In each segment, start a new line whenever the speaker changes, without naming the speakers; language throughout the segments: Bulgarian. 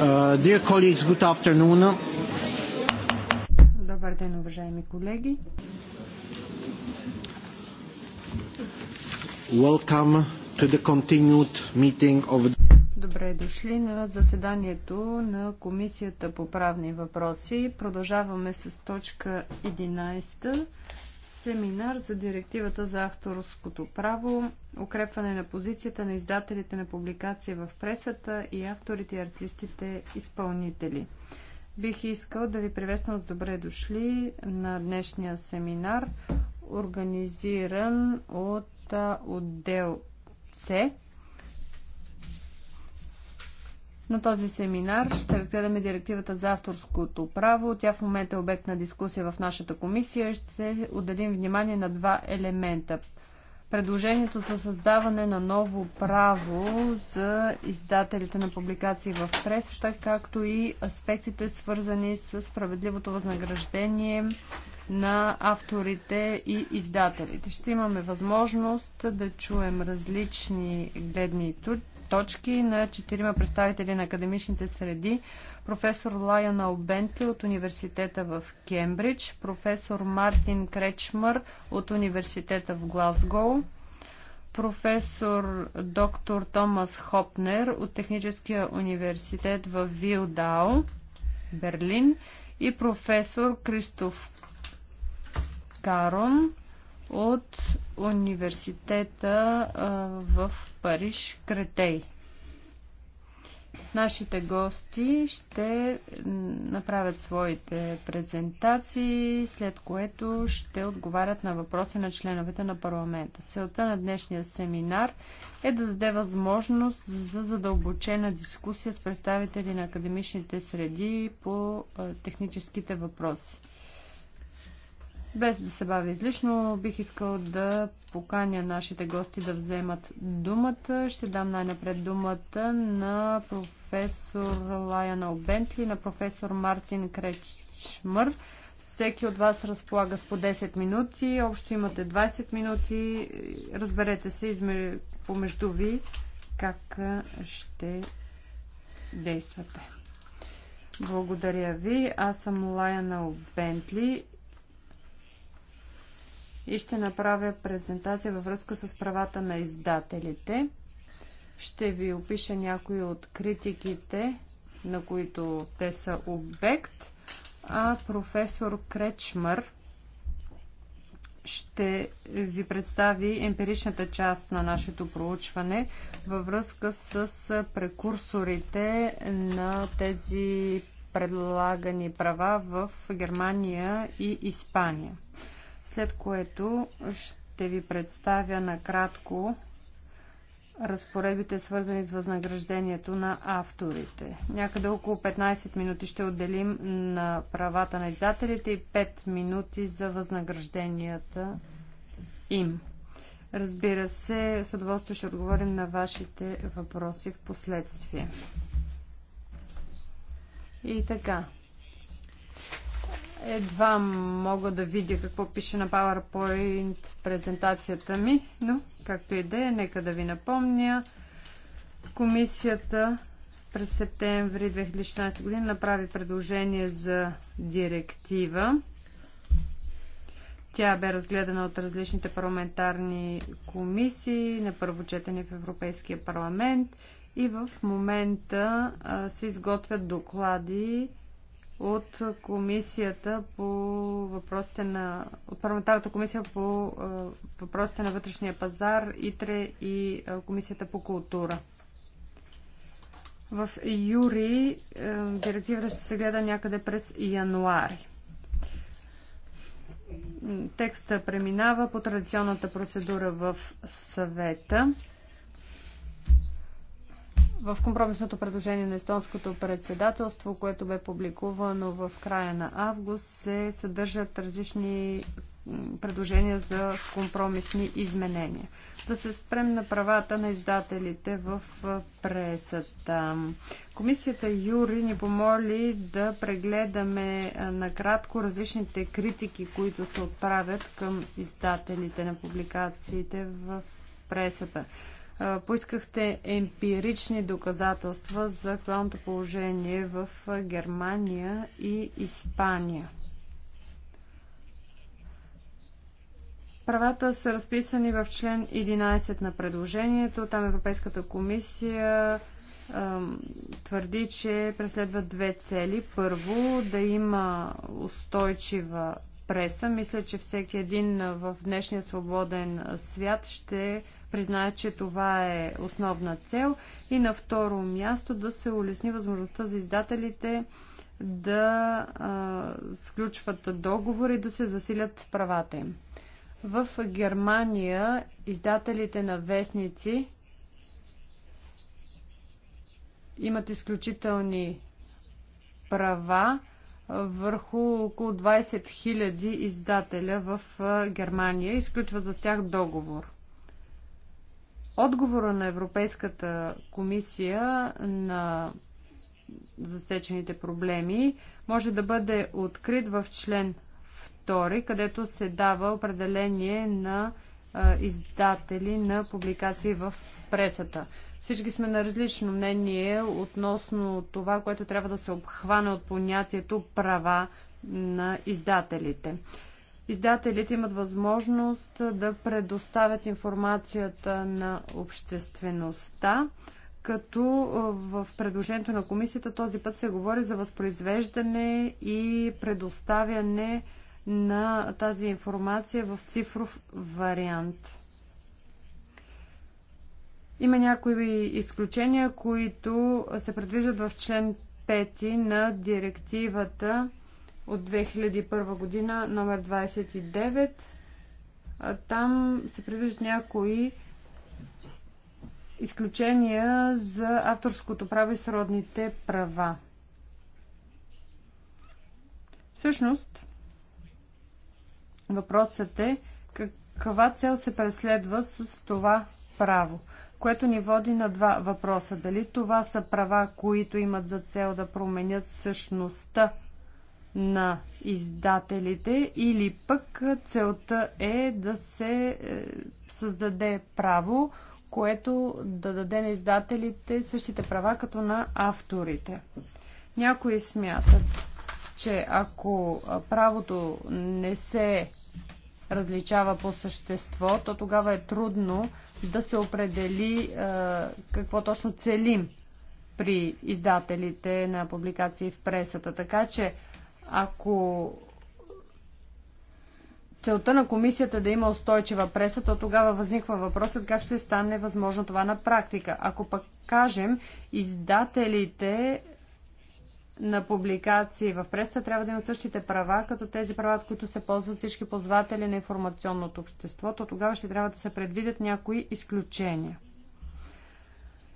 Uh, dear colleagues, good afternoon.
Добър ден, уважаеми колеги.
Welcome to the continued meeting of
Добре дошли на заседанието на Комисията по правни въпроси. Продължаваме с точка 11 семинар за директивата за авторското право, укрепване на позицията на издателите на публикации в пресата и авторите и артистите изпълнители. Бих искал да ви приветствам с добре дошли на днешния семинар, организиран от отдел С на този семинар ще разгледаме директивата за авторското право. Тя в момента е обект на дискусия в нашата комисия. Ще отделим внимание на два елемента. Предложението за създаване на ново право за издателите на публикации в пресата, както и аспектите свързани с справедливото възнаграждение на авторите и издателите. Ще имаме възможност да чуем различни гледни точки на четирима представители на академичните среди. Професор Лайонел Бентли от университета в Кембридж, професор Мартин Кречмър от университета в Глазгоу, професор доктор Томас Хопнер от Техническия университет в Вилдау, Берлин и професор Кристоф Карон от университета в Париж Кретей. Нашите гости ще направят своите презентации, след което ще отговарят на въпроси на членовете на парламента. Целта на днешния семинар е да даде възможност за задълбочена дискусия с представители на академичните среди по техническите въпроси. Без да се бави излишно, бих искал да поканя нашите гости да вземат думата. Ще дам най-напред думата на професор Лайанел Бентли, на професор Мартин Кречмър. Всеки от вас разполага с по 10 минути. Общо имате 20 минути. Разберете се измер... помежду ви как ще действате. Благодаря ви. Аз съм Лайанел Бентли и ще направя презентация във връзка с правата на издателите. Ще ви опиша някои от критиките, на които те са обект, а професор Кречмър ще ви представи емпиричната част на нашето проучване във връзка с прекурсорите на тези предлагани права в Германия и Испания след което ще ви представя накратко разпоредбите, свързани с възнаграждението на авторите. Някъде около 15 минути ще отделим на правата на издателите и 5 минути за възнагражденията им. Разбира се, с удоволствие ще отговорим на вашите въпроси в последствие. И така. Едва мога да видя какво пише на PowerPoint презентацията ми, но както и да е, нека да ви напомня. Комисията през септември 2016 година направи предложение за директива. Тя бе разгледана от различните парламентарни комисии на първо четене в Европейския парламент и в момента се изготвят доклади от комисията по въпросите на от парламентарната комисия по въпросите на вътрешния пазар, ИТРЕ и комисията по култура. В юри директивата ще се гледа някъде през януари. Текста преминава по традиционната процедура в съвета в компромисното предложение на естонското председателство, което бе публикувано в края на август, се съдържат различни предложения за компромисни изменения. Да се спрем на правата на издателите в пресата. Комисията Юри ни помоли да прегледаме накратко различните критики, които се отправят към издателите на публикациите в пресата поискахте емпирични доказателства за актуалното положение в Германия и Испания. Правата са разписани в член 11 на предложението. Там Европейската комисия твърди, че преследва две цели. Първо, да има устойчива преса. Мисля, че всеки един в днешния свободен свят ще признае, че това е основна цел. И на второ място да се улесни възможността за издателите да а, сключват договори и да се засилят правата им. В Германия издателите на вестници имат изключителни права върху около 20 000 издателя в Германия и сключва за тях договор. Отговора на Европейската комисия на засечените проблеми може да бъде открит в член 2, където се дава определение на издатели на публикации в пресата. Всички сме на различно мнение относно това, което трябва да се обхване от понятието права на издателите. Издателите имат възможност да предоставят информацията на обществеността, като в предложението на комисията този път се говори за възпроизвеждане и предоставяне на тази информация в цифров вариант. Има някои изключения, които се предвиждат в член 5 на директивата от 2001 година, номер 29. Там се предвиждат някои изключения за авторското право и сродните права. Всъщност, въпросът е каква цел се преследва с това право което ни води на два въпроса. Дали това са права, които имат за цел да променят същността на издателите или пък целта е да се е, създаде право, което да даде на издателите същите права като на авторите. Някои смятат, че ако правото не се различава по същество, то тогава е трудно да се определи е, какво точно целим при издателите на публикации в пресата. Така че, ако целта на комисията да има устойчива преса, то тогава възниква въпросът как ще стане възможно това на практика. Ако пък кажем, издателите на публикации в преса трябва да имат същите права, като тези права, от които се ползват всички ползватели на информационното общество, то тогава ще трябва да се предвидят някои изключения.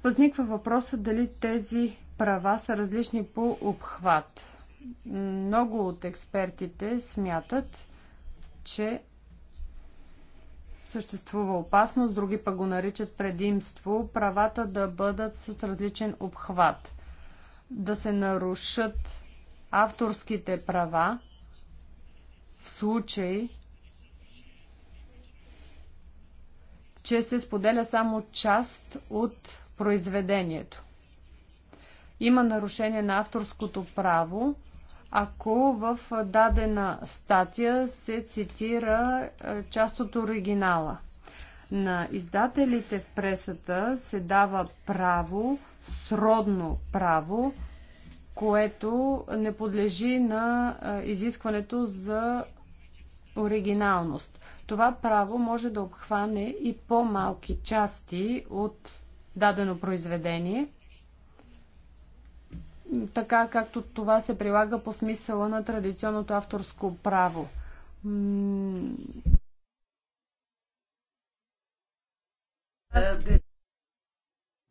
Възниква въпросът дали тези права са различни по обхват. Много от експертите смятат, че съществува опасност, други пък го наричат предимство, правата да бъдат с различен обхват – да се нарушат авторските права в случай, че се споделя само част от произведението. Има нарушение на авторското право, ако в дадена статия се цитира е, част от оригинала. На издателите в пресата се дава право сродно право, което не подлежи на изискването за оригиналност. Това право може да обхване и по-малки части от дадено произведение, така както това се прилага по смисъла на традиционното авторско право.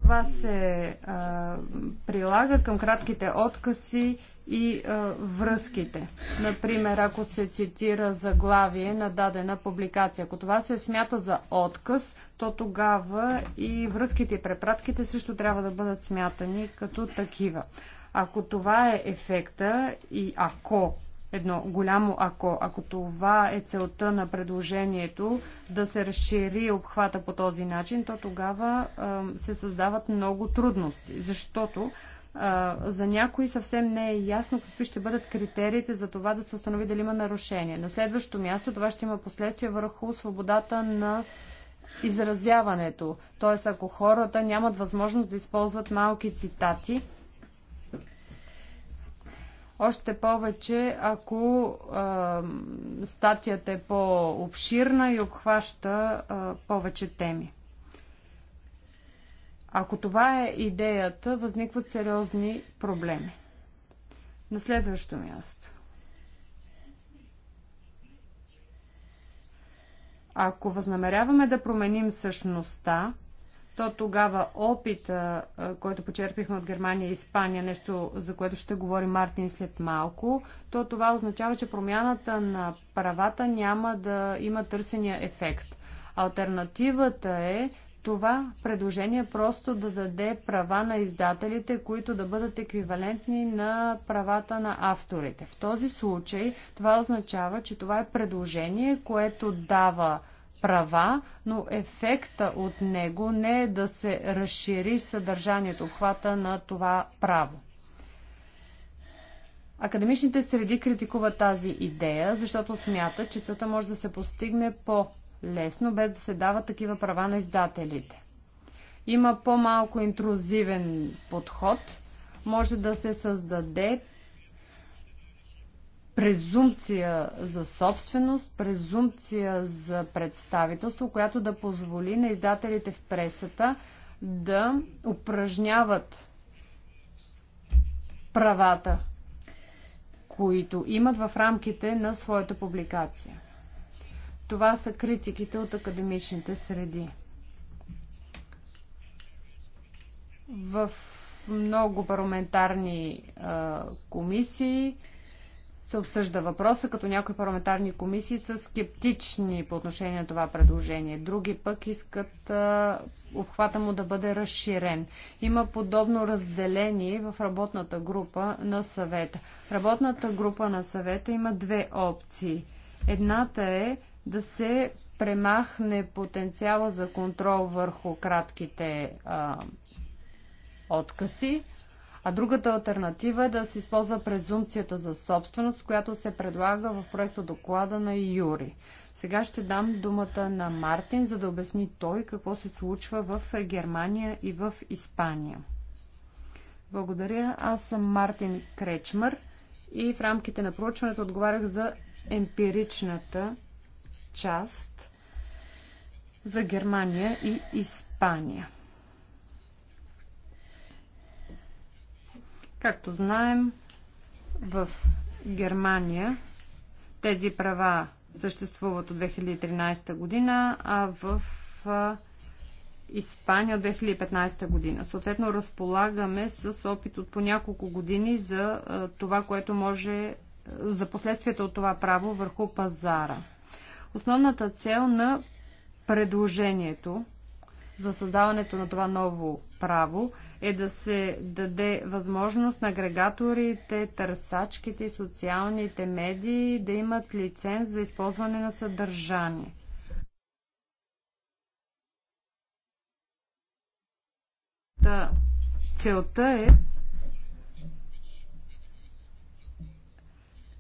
Това се а, прилага към кратките откази и а, връзките. Например, ако се цитира заглавие на дадена публикация. Ако това се смята за отказ, то тогава и връзките и препратките също трябва да бъдат смятани като такива. Ако това е ефекта и ако едно голямо ако. Ако това е целта на предложението да се разшири обхвата по този начин, то тогава а, се създават много трудности, защото а, за някои съвсем не е ясно какви ще бъдат критериите за това да се установи дали има нарушение. На следващо място това ще има последствия върху свободата на изразяването. Т.е. ако хората нямат възможност да използват малки цитати, още повече, ако а, статията е по-обширна и обхваща а, повече теми. Ако това е идеята, възникват сериозни проблеми. На следващо място. Ако възнамеряваме да променим същността, то тогава опита, който почерпихме от Германия и Испания, нещо за което ще говори Мартин след малко, то това означава, че промяната на правата няма да има търсения ефект. Альтернативата е това предложение просто да даде права на издателите, които да бъдат еквивалентни на правата на авторите. В този случай това означава, че това е предложение, което дава права, но ефекта от него не е да се разшири съдържанието, обхвата на това право. Академичните среди критикуват тази идея, защото смятат, че целта може да се постигне по-лесно, без да се дават такива права на издателите. Има по-малко интрузивен подход, може да се създаде презумпция за собственост, презумпция за представителство, която да позволи на издателите в пресата да упражняват правата, които имат в рамките на своята публикация. Това са критиките от академичните среди. В много парламентарни а, комисии се обсъжда въпроса, като някои парламентарни комисии са скептични по отношение на това предложение. Други пък искат а, обхвата му да бъде разширен. Има подобно разделение в работната група на съвета. Работната група на съвета има две опции. Едната е да се премахне потенциала за контрол върху кратките а, откъси а другата альтернатива е да се използва презумпцията за собственост, която се предлага в проекта доклада на Юри. Сега ще дам думата на Мартин, за да обясни той какво се случва в Германия и в Испания. Благодаря. Аз съм Мартин Кречмър и в рамките на проучването отговарях за емпиричната част за Германия и Испания. Както знаем, в Германия тези права съществуват от 2013 година, а в Испания от 2015 година. Съответно, разполагаме с опит от по няколко години за това, което може за последствията от това право върху пазара. Основната цел на предложението за създаването на това ново право е да се даде възможност на агрегаторите, търсачките и социалните медии да имат лиценз за използване на съдържание. Та, целта е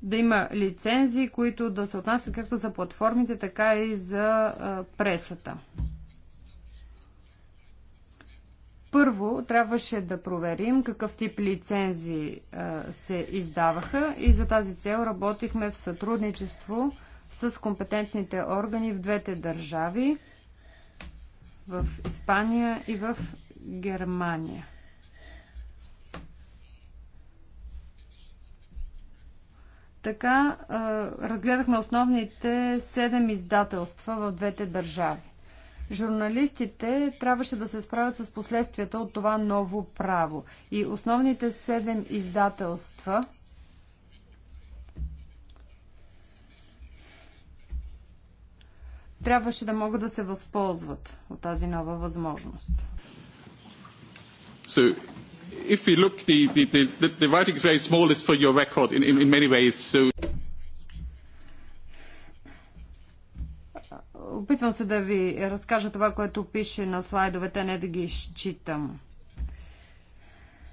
да има лицензии, които да се отнасят както за платформите, така и за пресата. Първо трябваше да проверим какъв тип лицензи се издаваха и за тази цел работихме в сътрудничество с компетентните органи в двете държави, в Испания и в Германия. Така разгледахме основните седем издателства в двете държави. Журналистите трябваше да се справят с последствията от това ново право. И основните седем издателства трябваше да могат да се възползват от тази нова възможност.
So, if we look, the, the, the, the writing is very small, it's for your record in, in, in many ways. So
Опитвам се да ви разкажа това, което пише на слайдовете, не да ги изчитам.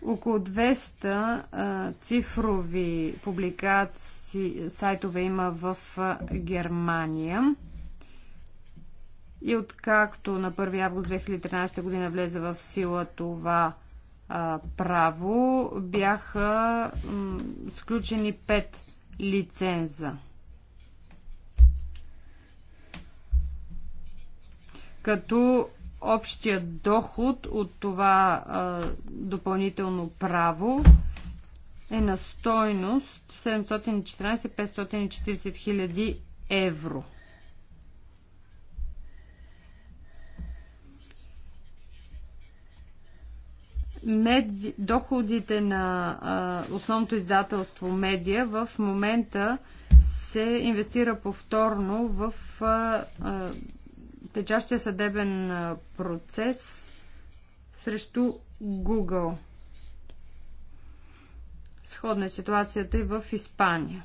Около 200 цифрови публикации, сайтове има в Германия. И откакто на 1 август 2013 година влезе в сила това а, право, бяха м, сключени 5 лиценза. като общият доход от това а, допълнително право е на стойност 714-540 хиляди евро. Меди... Доходите на а, основното издателство Медия в момента се инвестира повторно в а, а, течащия съдебен процес срещу Google. Сходна е ситуацията и в Испания.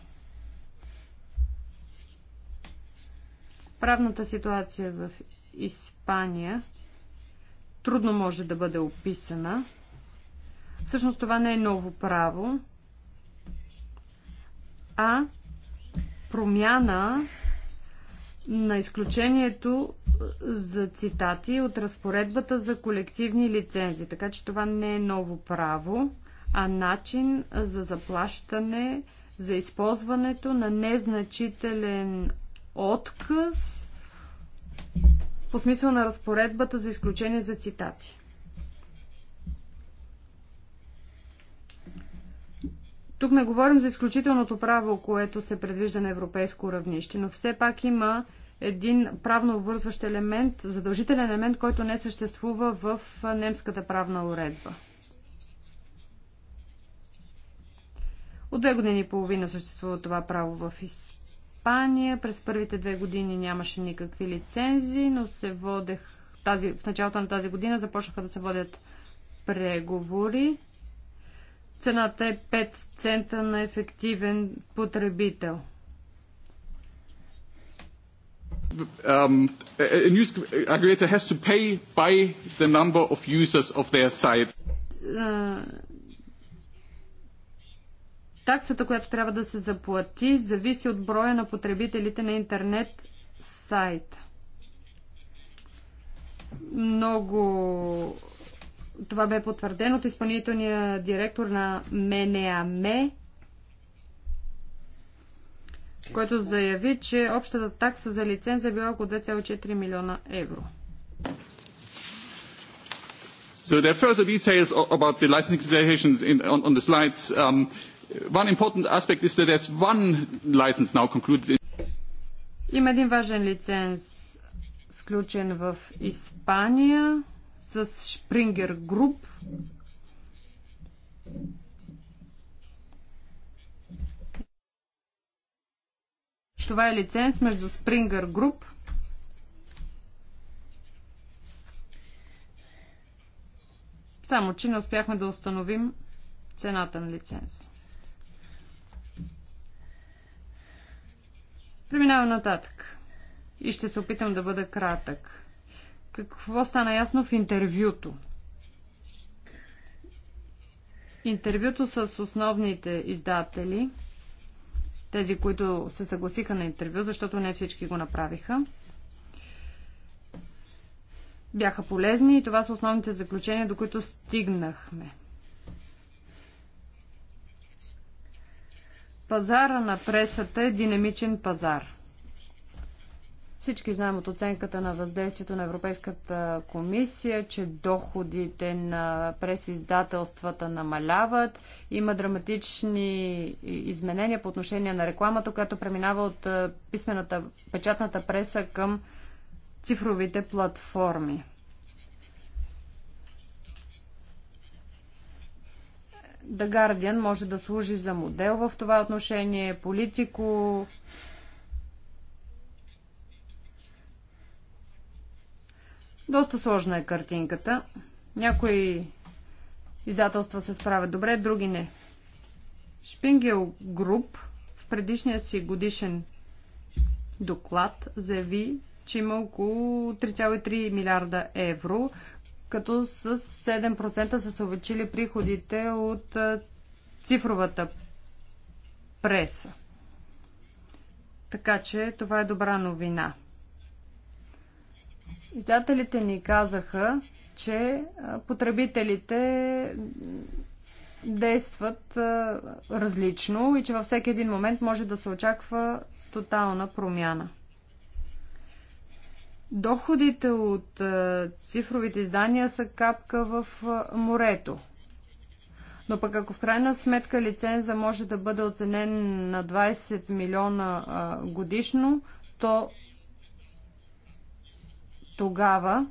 Правната ситуация в Испания трудно може да бъде описана. Всъщност това не е ново право, а промяна на изключението е, за цитати от разпоредбата за колективни лицензи. Така че това не е ново право, а начин е, за заплащане за използването на незначителен отказ по смисъл на разпоредбата за изключение за цитати. Тук не говорим за изключителното право, което се предвижда на европейско равнище, но все пак има един правно обвързващ елемент, задължителен елемент, който не съществува в немската правна уредба. От две години и половина съществува това право в Испания. През първите две години нямаше никакви лицензии, но се водех тази, в началото на тази година започнаха да се водят преговори. Цената е 5 цента на ефективен потребител.
Um, a news aggregator has to pay by the number of users of their site.
Uh, таксата, която трябва да се заплати, зависи от броя на потребителите на интернет сайта. Много това бе потвърдено от изпълнителния директор на МНАМЕ, който заяви, че общата такса за лиценза е била около 2,4 милиона евро.
So there are further details about the licensing situations in, on, on the slides. Um, one important aspect is that there's one license now concluded. In...
Има един важен лиценз, сключен в Испания с Шпрингер Груп. Това е лиценз между Springer Group Само, че не успяхме да установим цената на лиценз. Преминавам нататък. И ще се опитам да бъда кратък какво стана ясно в интервюто. Интервюто с основните издатели, тези, които се съгласиха на интервю, защото не всички го направиха, бяха полезни и това са основните заключения, до които стигнахме. Пазара на пресата е динамичен пазар. Всички знаем от оценката на въздействието на Европейската комисия, че доходите на пресиздателствата намаляват. Има драматични изменения по отношение на рекламата, която преминава от писмената печатната преса към цифровите платформи. The Guardian може да служи за модел в това отношение. Политико Доста сложна е картинката. Някои издателства се справят добре, други не. Шпингел Груп в предишния си годишен доклад заяви, че има около 3,3 милиарда евро, като с 7% са се увеличили приходите от цифровата преса. Така че това е добра новина. Издателите ни казаха, че потребителите действат различно и че във всеки един момент може да се очаква тотална промяна. Доходите от цифровите издания са капка в морето. Но пък ако в крайна сметка лиценза може да бъде оценен на 20 милиона годишно, то тогава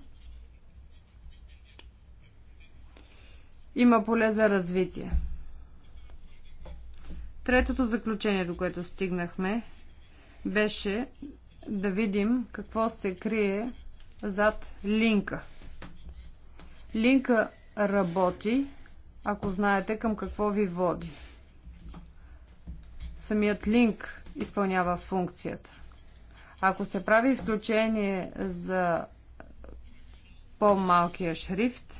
има поле за развитие. Третото заключение, до което стигнахме, беше да видим какво се крие зад линка. Линка работи, ако знаете към какво ви води. Самият линк изпълнява функцията. Ако се прави изключение за по-малкия шрифт,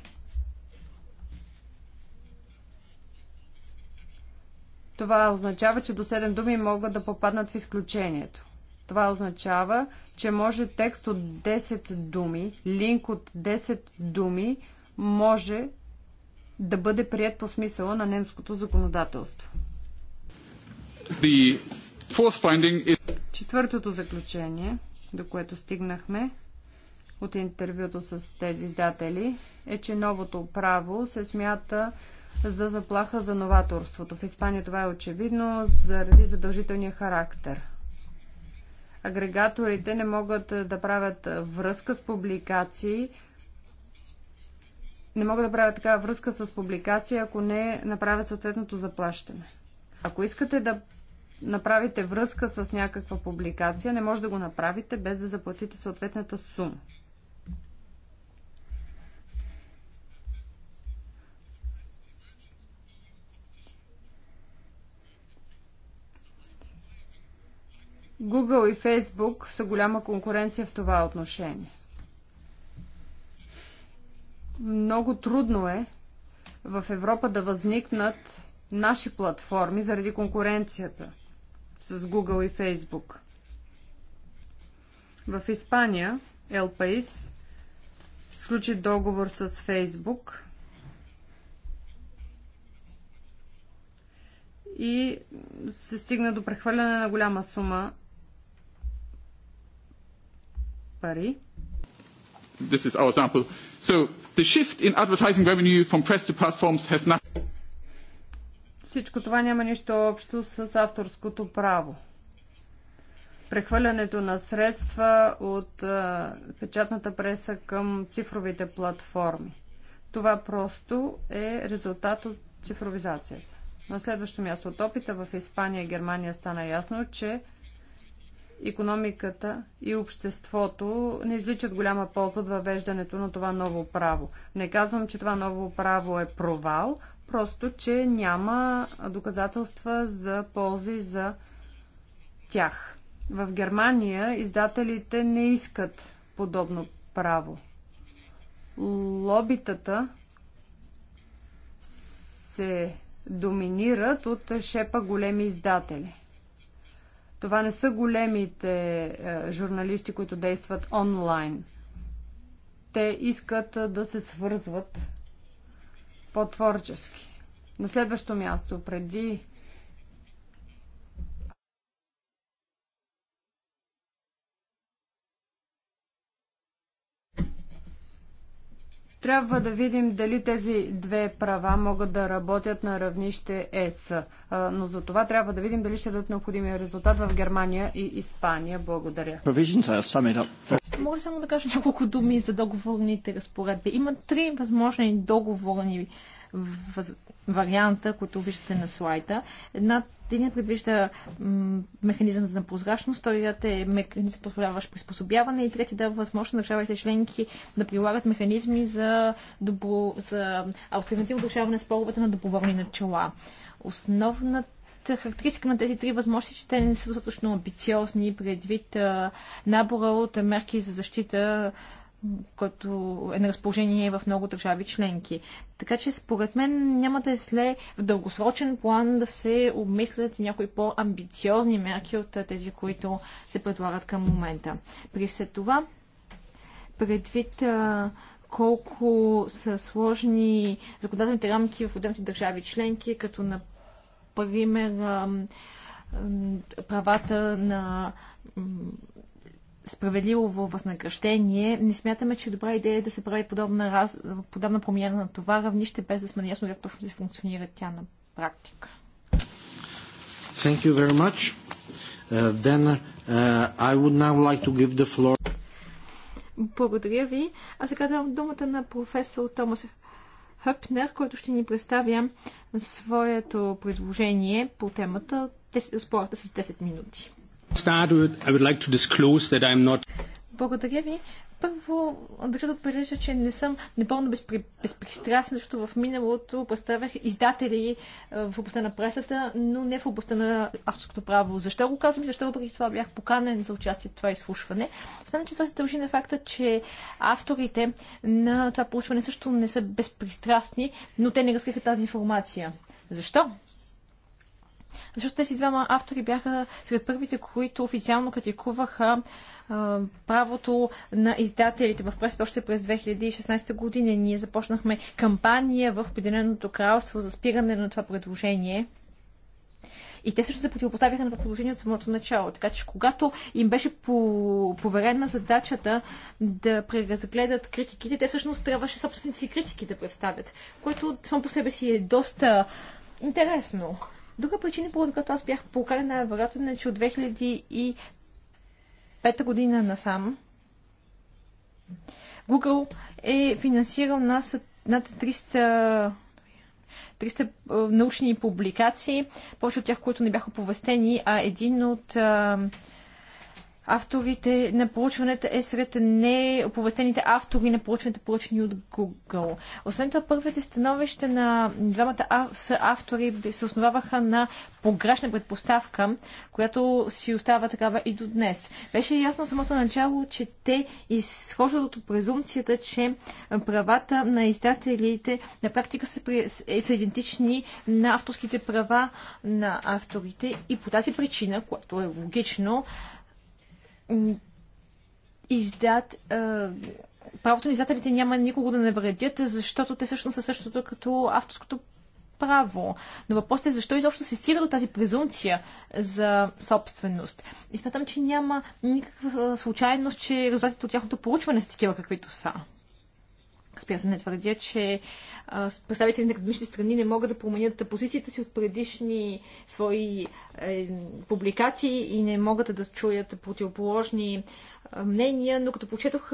това означава, че до 7 думи могат да попаднат в изключението. Това означава, че може текст от 10 думи, линк от 10 думи, може да бъде прият по смисъла на немското законодателство. The Четвъртото заключение, до което стигнахме от интервюто с тези издатели, е, че новото право се смята за заплаха за новаторството. В Испания това е очевидно заради задължителния характер. Агрегаторите не могат да правят връзка с публикации, не могат да правят такава връзка с публикации, ако не направят съответното заплащане. Ако искате да направите връзка с някаква публикация, не може да го направите без да заплатите съответната сума. Google и Facebook са голяма конкуренция в това отношение. Много трудно е в Европа да възникнат наши платформи заради конкуренцията – с Google и Facebook. В Испания El País сключи договор с Facebook и се стигна до прехвърляне на голяма сума пари.
This is our example. So the shift in advertising revenue from press to platforms has not
всичко това няма нищо общо с авторското право. Прехвърлянето на средства от а, печатната преса към цифровите платформи. Това просто е резултат от цифровизацията. На следващо място от опита в Испания и Германия стана ясно, че економиката и обществото не изличат голяма полза от въвеждането на това ново право. Не казвам, че това ново право е провал, просто, че няма доказателства за ползи за тях. В Германия издателите не искат подобно право. Лобитата се доминират от шепа големи издатели. Това не са големите е, журналисти, които действат онлайн. Те искат е, да се свързват по-творчески. На следващо място, преди Трябва да видим дали тези две права могат да работят на равнище ЕС. Но за това трябва да видим дали ще дадат необходимия резултат в Германия и Испания. Благодаря.
Мога само да кажа няколко думи за договорните разпоредби. Има три възможни договорни варианта, които виждате на слайда. Една Единият предвижда механизъм за прозрачност, вторият е механизъм, позволяващ приспособяване и третият дава възможност на държавите членки да прилагат механизми за, добро, за альтернативно решаване на споровете на доброволни начала. Основната характеристика на тези три възможности, е, че те не са достатъчно амбициозни предвид набора от мерки за защита който е на разположение в много държави членки. Така че според мен няма да е след в дългосрочен план да се обмислят някои по-амбициозни мерки от тези, които се предлагат към момента. При все това, предвид колко са сложни законодателните рамки в отделните държави членки, като например правата на справедливо възнаграждение, не смятаме, че е добра идея да се прави подобна, раз... подобна промяна на това равнище, без да сме наясно как точно се функционира тя на практика.
Thank you very much. Uh, then uh, I would now like to give the floor.
Благодаря ви. А сега давам думата на професор Томас Хъпнер, който ще ни представя своето предложение по темата. Спорта с 10 минути. Благодаря ви. Първо, държа да отбележа, че не съм напълно безпри... безпристрастна, защото в миналото представях издатели е, в областта на пресата, но не в областта на авторското право. Защо го казвам и защо въпреки това бях поканен за участие в това изслушване? Смятам, че това се дължи на факта, че авторите на това получване също не са безпристрастни, но те не разкриха тази информация. Защо? Защото тези двама автори бяха сред първите, които официално критикуваха а, правото на издателите в пресата още през 2016 година. Ние започнахме кампания в Обединеното кралство за спиране на това предложение. И те също се противопоставяха на предложение от самото начало. Така че, когато им беше поверена задачата да преразгледат критиките, те всъщност трябваше собствените си критики да представят, което само по себе си е доста интересно. Друга причина, поради която аз бях поканена, вероятно е, че от 2005 година насам Google е финансирал нас над 300 300 научни публикации, повече от тях, които не бяха повестени, а един от авторите на проучването е сред неоповестените автори на проучването, поръчени от Google. Освен това, първите становища на двамата автори се основаваха на погрешна предпоставка, която си остава такава и до днес. Беше ясно самото начало, че те изхождат от презумцията, че правата на издателите на практика са, при... Е, са идентични на авторските права на авторите и по тази причина, което е логично, издат, а, правото на издателите няма никого да не вредят, защото те всъщност са същото като авторското право. Но въпросът е защо изобщо се стига до тази презумпция за собственост. И смятам, че няма никаква случайност, че резултатите от тяхното проучване са такива, каквито са. Спя се не твърдя, че представители на академични страни не могат да променят позицията си от предишни свои е, публикации и не могат да чуят противоположни мнения, но като прочетох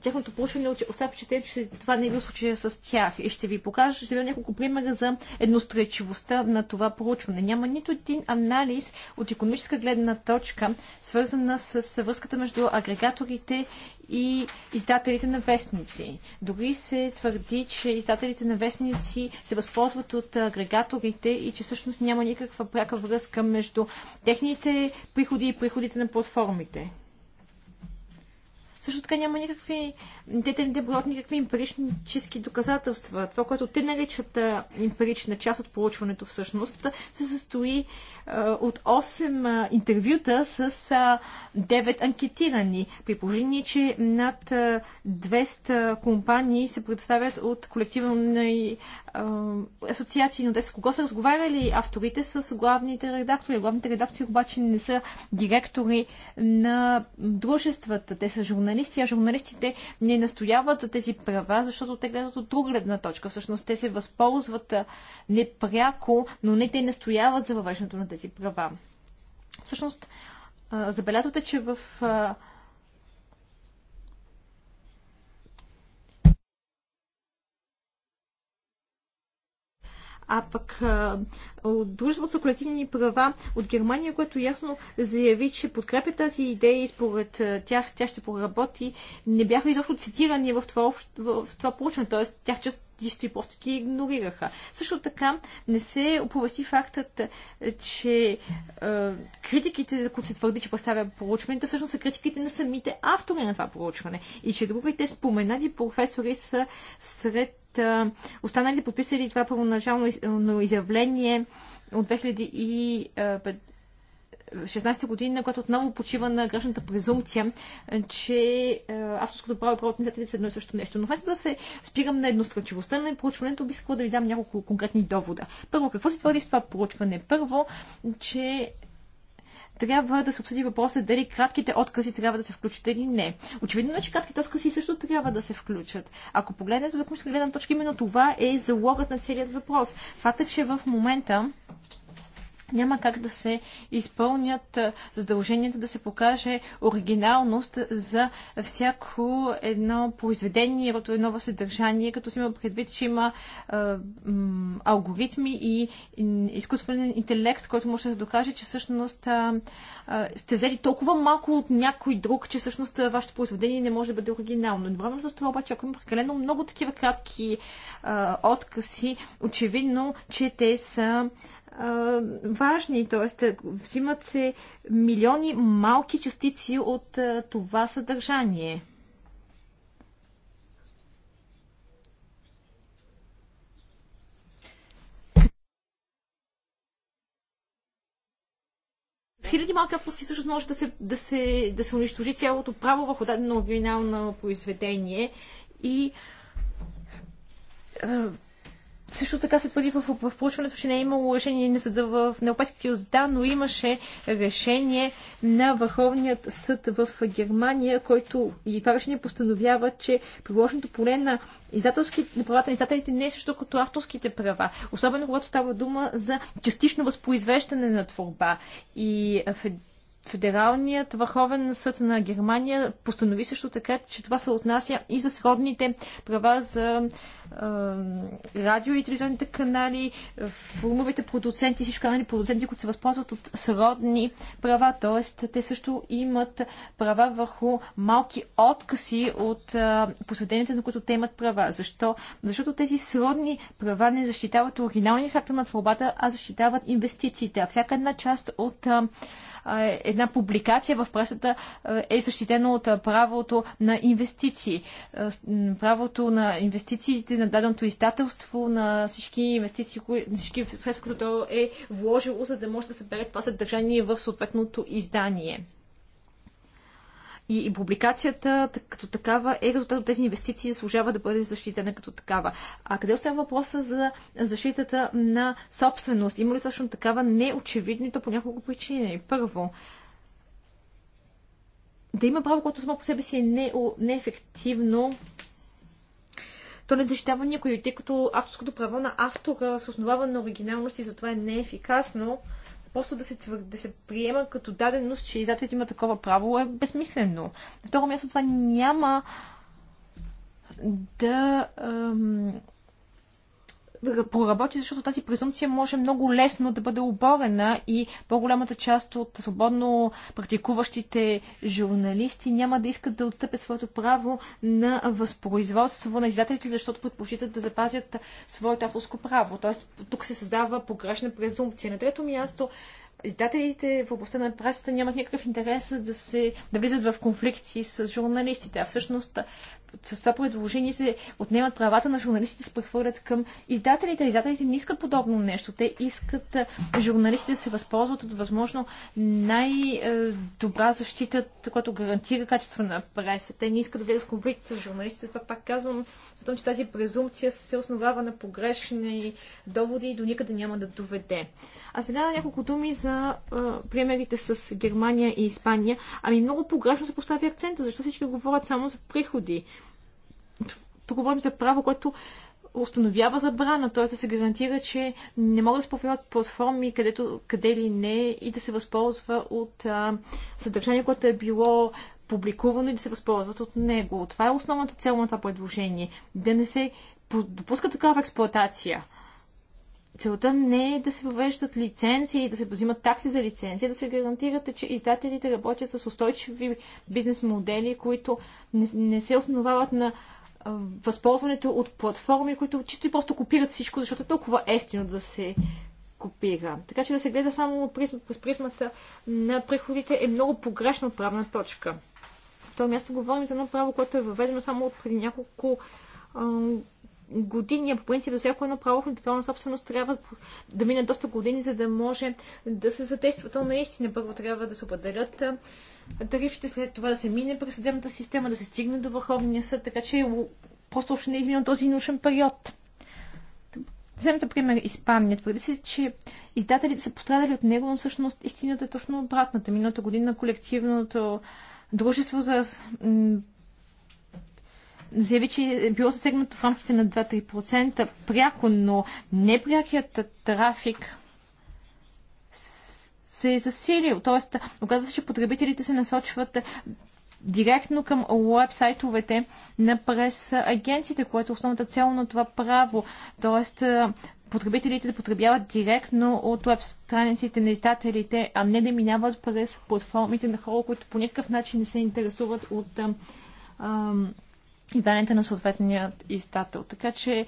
тяхното проучване, оставя впечатление, че това не е бил случая с тях. И ще ви покажа, ще ви няколко примера за едностречивостта на това проучване. Няма нито един анализ от економическа гледна точка, свързана с връзката между агрегаторите и издателите на вестници. Дори се твърди, че издателите на вестници се възползват от агрегаторите и че всъщност няма никаква пряка връзка между техните приходи и приходите на платформите. Също така няма никакви те, те не дебрат никакви емпирически доказателства. Това, което те наричат емпирична част от получването всъщност, се състои от 8 интервюта с 9 анкетирани. При положение, че над 200 компании се предоставят от колективни асоциации, но те с кого са разговаряли авторите с главните редактори. Главните редактори обаче не са директори на дружествата. Те са журналисти, а журналистите не настояват за тези права, защото те гледат от друга гледна точка. Всъщност те се възползват непряко, но не те настояват за въвеждането на тези права. Всъщност, забелязвате, че в а пък от Дружеството за колективни права от Германия, което ясно заяви, че подкрепя тази идея и според тях тя ще проработи, не бяха изобщо цитирани в това, в това получено, т.е. тях част дисто и просто ги игнорираха. Също така не се оповести фактът, че е, критиките, за които се твърди, че представя проучването, всъщност са критиките на самите автори на това проучване и че другите споменати професори са сред е, останалите подписали това първоначално изявление от 2016 е, година, което отново почива на гражданата презумпция, е, че авторското право и правото на са едно и също нещо. Но вместо да се спирам на едностранчивостта на проучването, бих искала да ви дам няколко конкретни довода. Първо, какво се твърди с това проучване? Първо, че трябва да се обсъди въпроса дали кратките откази трябва да се включат или не. Очевидно е, значи, че кратките откази също трябва да се включат. Ако погледнете от гледна точка, именно това е залогът на целият въпрос. Фактът, че в момента няма как да се изпълнят задълженията да се покаже оригиналност за всяко едно произведение, като едно съдържание, като се има предвид, че има а, алгоритми и изкуствен интелект, който може да докаже, че всъщност а, а, сте взели толкова малко от някой друг, че всъщност вашето произведение не може да бъде оригинално. Едновременно с това обаче, ако има прекалено много такива кратки а, очевидно, че те са важни, т.е. взимат се милиони малки частици от това съдържание. С хиляди малки отпуски всъщност може да се, да, се, да се унищожи цялото право върху дадено оригинално произведение и също така се твърди в, в, в проучването, че не е имало решение на съда в на да, но имаше решение на Върховният съд в Германия, който и това решение постановява, че приложеното поле на, на правата на издателите не е също като авторските права, особено когато става дума за частично възпроизвеждане на творба. И Федералният върховен съд на Германия постанови също така, че това се отнася и за сродните права за радио и телевизионните канали, филмовите продуценти, всички канали продуценти, които се възползват от сродни права, т.е. те също имат права върху малки откази от посветените, на които те имат права. Защо? Защото тези сродни права не защитават оригиналния характер на творбата, а защитават инвестициите. А всяка една част от една публикация в пресата е защитена от правото на инвестиции. Правото на инвестициите на даденото издателство, на всички инвестиции, на всички средства, които то е вложило, за да може да събере това съдържание в съответното издание. И, и публикацията като такава е резултат от тези инвестиции заслужава да бъде защитена като такава. А къде остава въпроса за защитата на собственост? Има ли точно такава неочевидно и то по няколко причини? Първо, да има право, което само по себе си е не, неефективно, то не защитава никой, тъй като авторското право на автора се основава на оригиналност и затова е неефикасно. Просто да се, твър... да се приема като даденост, че издателят има такова право е безсмислено. На второ място това няма да ам, проработи, защото тази презумпция може много лесно да бъде оборена и по-голямата част от свободно практикуващите журналисти няма да искат да отстъпят своето право на възпроизводство на издателите, защото предпочитат да запазят своето авторско право. Тоест, тук се създава погрешна презумпция. На трето място, издателите в областта на пресата нямат никакъв интерес да, се, да влизат в конфликти с журналистите, а всъщност с това предложение се отнемат правата на журналистите, се прехвърлят към издателите. Издателите не искат подобно нещо. Те искат журналистите да се възползват от възможно най-добра защита, която гарантира качество на преса. Те не искат да влезат в конфликт с журналистите. Това пак казвам, том, че тази презумпция се основава на погрешни доводи и до никъде няма да доведе. А сега няколко думи за а, примерите с Германия и Испания. Ами много погрешно се поставя акцента, защото всички говорят само за приходи тук говорим за право, което установява забрана, т.е. да се гарантира, че не могат да се профилират платформи където, къде ли не и да се възползва от а, съдържание, което е било публикувано и да се възползват от него. Това е основната цел на това предложение. Да не се допуска такава експлоатация. Целта не е да се въвеждат лицензии, да се взимат такси за лицензии, да се гарантират, че издателите работят с устойчиви бизнес модели, които не, не се основават на възползването от платформи, които чисто и просто копират всичко, защото е толкова ефтино да се копира. Така че да се гледа само през призмата на приходите е много погрешна правна точка. В това място говорим за едно право, което е въведено само от преди няколко години, по принцип за всяко едно право в интелектуална собственост трябва да мине доста години, за да може да се задейства то наистина. Първо трябва да се определят тарифите, след това да се мине през съдебната система, да се стигне до Върховния съд, така че просто още не е изминал този нужен период. Взем за пример Испания. Твърди се, че издателите са пострадали от него, но всъщност истината е точно обратната. Миналата година колективното дружество за заяви, че е било засегнато в рамките на 2-3% пряко, но непрякият трафик се е засилил. Тоест, оказва се, че потребителите се насочват директно към уебсайтовете на през агенциите, което е основната цел на това право. Тоест, потребителите да потребяват директно от веб страниците на издателите, а не да минават през платформите на хора, които по никакъв начин не се интересуват от а, а, изданията на съответния издател. Така че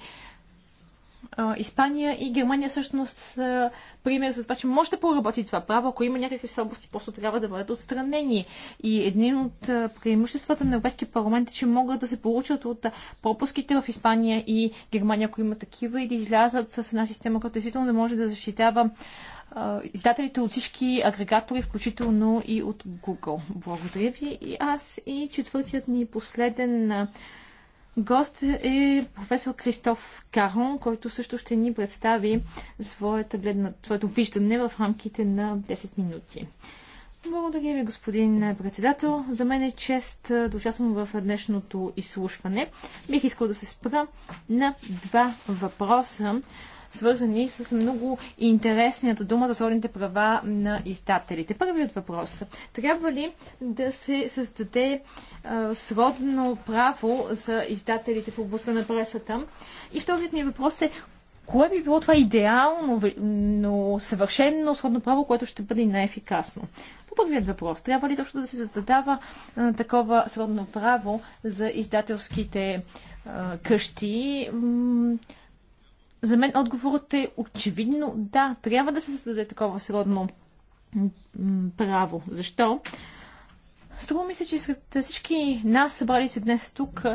Испания и Германия всъщност са пример за това, че може да поработи това право. Ако има някакви слабости, просто трябва да бъдат отстранени. И един от преимуществата на Европейския парламент е, че могат да се получат от пропуските в Испания и Германия, ако има такива, и да излязат с една система, която действително да може да защитава издателите от всички агрегатори, включително и от Google. Благодаря ви. И аз и четвъртият ни последен Гост е професор Кристоф Карон, който също ще ни представи своята гледна, своето виждане в рамките на 10 минути. Благодаря ви, господин председател. За мен е чест да участвам в днешното изслушване. Бих искал да се спра на два въпроса, свързани с много интересната дума за сродните права на издателите. Първият въпрос. Трябва ли да се създаде а, сродно право за издателите в областта на пресата? И вторият ми въпрос е кое би било това идеално, но съвършено сродно право, което ще бъде най-ефикасно? По първият въпрос, трябва ли също да се създадава а, такова сродно право за издателските а, къщи? за мен отговорът е очевидно да, трябва да се създаде такова сродно право. Защо? Струва ми се, че сред всички нас, събрали се днес тук,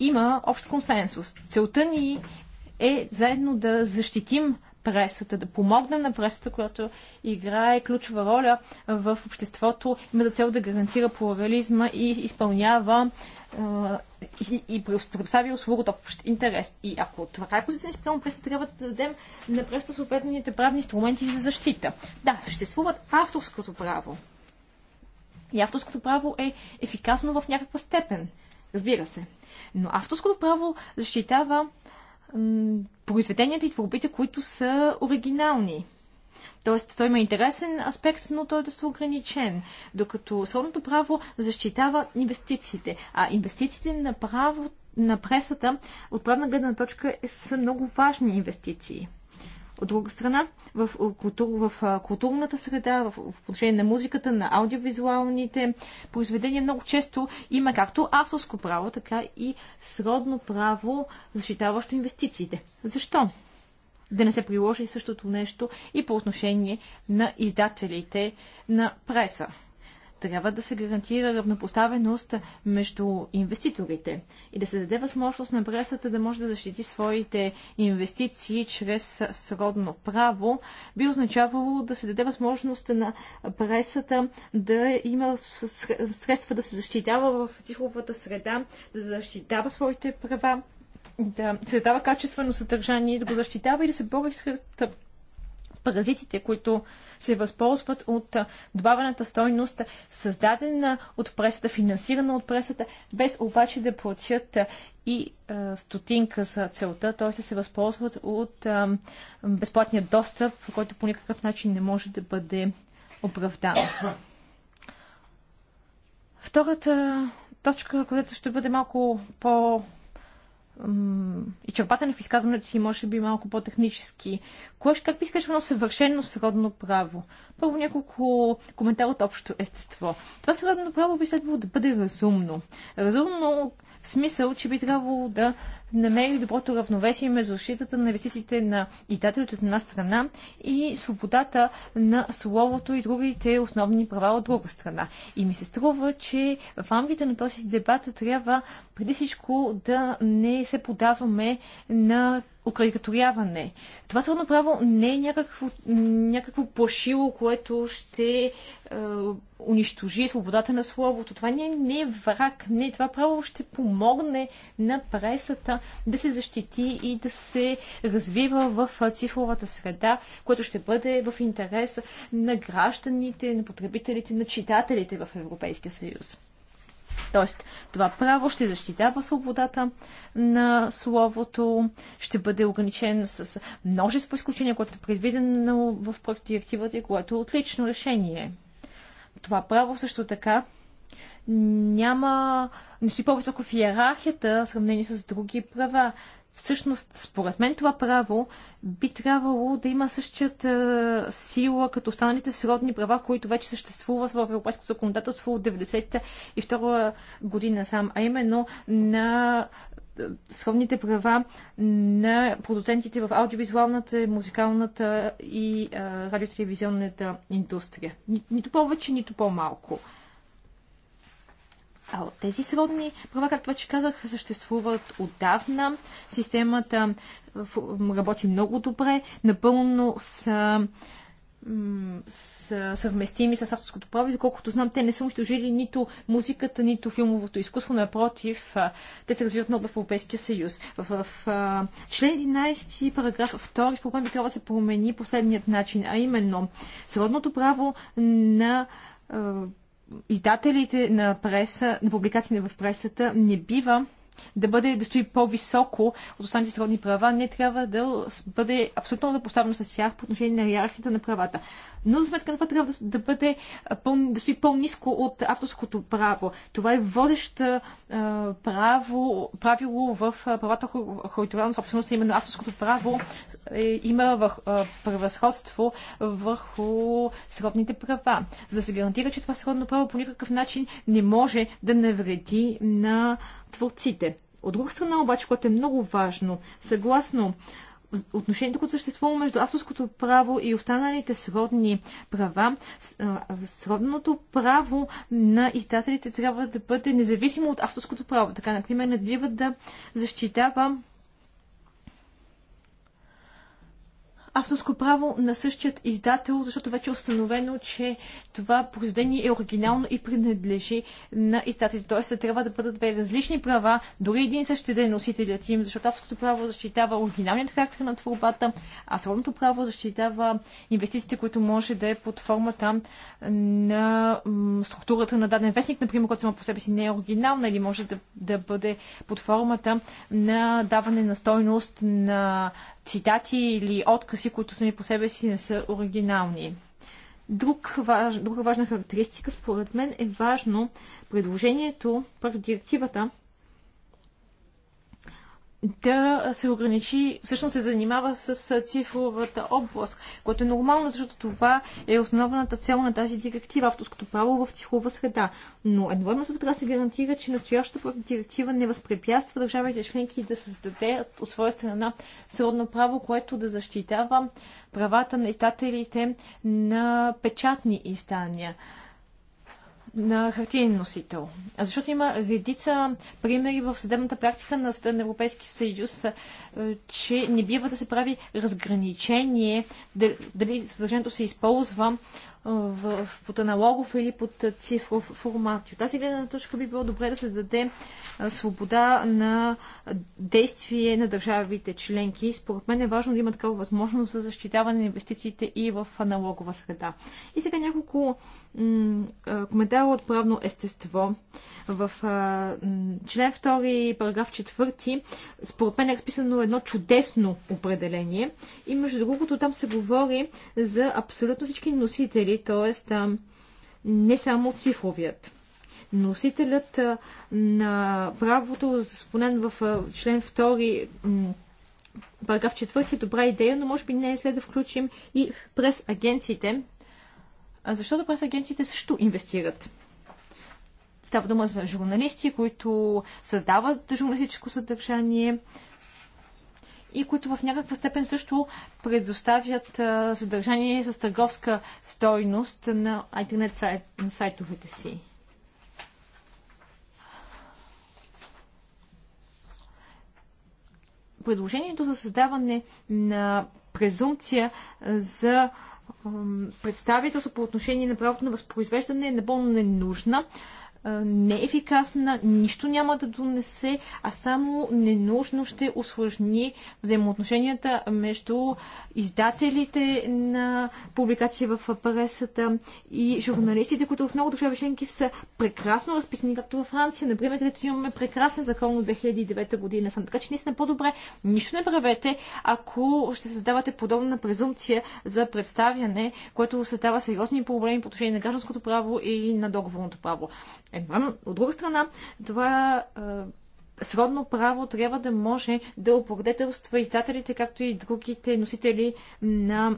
има общ консенсус. Целта ни е заедно да защитим пресата, да помогнем на пресата, която играе ключова роля в обществото, има за цел да гарантира плурализма и изпълнява и, и предостави услуга от общ интерес. И ако това е позиция спрямо преса, трябва да дадем на преса съответните правни инструменти за защита. Да, съществуват авторското право. И авторското право е ефикасно в някаква степен, разбира се. Но авторското право защитава произведенията и творбите, които са оригинални. Тоест, той има интересен аспект, но той е доста ограничен. Докато свободното право защитава инвестициите, а инвестициите на, право, на пресата от правна гледна точка е- са много важни инвестиции. От друга страна, в, култур, в културната среда, в, в отношение на музиката, на аудиовизуалните произведения, много често има както авторско право, така и сродно право, защитаващо инвестициите. Защо? Да не се приложи същото нещо и по отношение на издателите на преса. Трябва да се гарантира равнопоставеност между инвеститорите и да се даде възможност на пресата да може да защити своите инвестиции чрез сродно право, би означавало да се даде възможност на пресата да има средства да се защитава в цифровата среда, да защитава своите права, да се дава качествено съдържание, да го защитава и да се бори с паразитите, които се възползват от добавената стойност, създадена от пресата, финансирана от пресата, без обаче да платят и а, стотинка за целта, т.е. да се възползват от а, безплатния достъп, който по никакъв начин не може да бъде оправдан. Втората точка, която ще бъде малко по изчерпателен в изказването си, може би малко по-технически. Кое, как би искаш едно съвършено сродно право? Първо няколко коментар от общо естество. Това сродно право би следвало да бъде разумно. Разумно в смисъл, че би трябвало да намери доброто равновесие между защитата на инвестициите на издателите от една страна и свободата на словото и другите основни права от друга страна. И ми се струва, че в рамките на този дебат трябва преди всичко да не се подаваме на окарикатуряване. Това сродно право не е някакво, някакво плашило, което ще е, унищожи свободата на словото. Това не, не е враг, не. Това право ще помогне на пресата да се защити и да се развива в е, цифровата среда, което ще бъде в интерес на гражданите, на потребителите, на читателите в Европейския съюз. Тоест, това право ще защитава свободата на словото, ще бъде ограничен с множество изключения, което е предвидено в директивата и което е отлично решение. Това право също така няма, не стои по-високо в иерархията, в сравнение с други права. Всъщност, според мен това право би трябвало да има същата сила като останалите сродни права, които вече съществуват в европейското законодателство от и втора година сам, а именно на сродните права на продуцентите в аудиовизуалната, музикалната и радиотелевизионната индустрия. нито повече, нито по-малко. А тези сродни права, както вече казах, съществуват отдавна. Системата работи много добре. Напълно са са съвместими с авторското право. Доколкото знам, те не са унищожили нито музиката, нито филмовото изкуство. Напротив, те се развиват много в Европейския съюз. В, в, в член 11, параграф 2, според би трябва да се промени последният начин, а именно сродното право на издателите на преса, на публикации в пресата не бива да бъде да стои по-високо от останалите сродни права, не трябва да бъде абсолютно да поставено с тях по отношение на иерархията на правата. Но за сметка на това трябва да, да бъде да стои по-низко от авторското право. Това е водещо право, правило в правата хоритурална собственост, именно авторското право е, има вър, е, превъзходство върху сродните права. За да се гарантира, че това сродно право по никакъв начин не може да навреди на творците. От друга страна обаче, което е много важно, съгласно отношението, което съществува между авторското право и останалите сродни права, сродното право на издателите трябва да бъде независимо от авторското право. Така, например, не бива да защитава авторско право на същият издател, защото вече е установено, че това произведение е оригинално и принадлежи на издателите. Тоест, трябва да бъдат две различни права, дори един същи да е носителят им, защото авторското право защитава оригиналният характер на творбата, а сродното право защитава инвестициите, които може да е под формата на структурата на даден вестник, например, който само по себе си не е оригинална или може да, да бъде под формата на даване на стойност на цитати или откази, които сами по себе си не са оригинални. Друг важ, друга важна характеристика, според мен, е важно предложението, първо директивата, да се ограничи, всъщност се занимава с цифровата област, което е нормално, защото това е основната цел на тази директива, авторското право в цифрова среда. Но едновременно с това се гарантира, че настоящата директива не възпрепятства държавите членки да създадат от своя страна сродно право, което да защитава правата на издателите на печатни издания на хартиен носител. Защото има редица примери в съдебната практика на Съда на Европейски съюз, е, че не бива да се прави разграничение дали съдържанието се използва в, под аналогов или под цифров формат. И от тази гледна точка би било добре да се даде свобода на действие на държавите членки. Според мен е важно да има такава възможност за защитаване на инвестициите и в аналогова среда. И сега няколко коментара от правно естество. В а, член 2, параграф 4, според мен е разписано едно чудесно определение. И между другото там се говори за абсолютно всички носители т.е. не само цифровият. Носителят на правото, спонен в член 2 параграф 4 е добра идея, но може би не е след да включим и през агенциите, защото през агенциите също инвестират. Става дума за журналисти, които създават журналистическо съдържание, и които в някаква степен също предоставят съдържание с търговска стойност на интернет сайтовете си. Предложението за създаване на презумпция за представителство по отношение на правото на възпроизвеждане е напълно ненужна, неефикасна, нищо няма да донесе, а само ненужно ще осложни взаимоотношенията между издателите на публикации в пресата и журналистите, които в много държави членки са прекрасно разписани, както във Франция, например, където имаме прекрасен закон от 2009 година. Съм така, че наистина по-добре нищо не правете, ако ще създавате подобна презумпция за представяне, което създава сериозни проблеми по отношение на гражданското право и на договорното право. Е, от друга страна, това сродно право трябва да може да облагодетелства издателите, както и другите носители на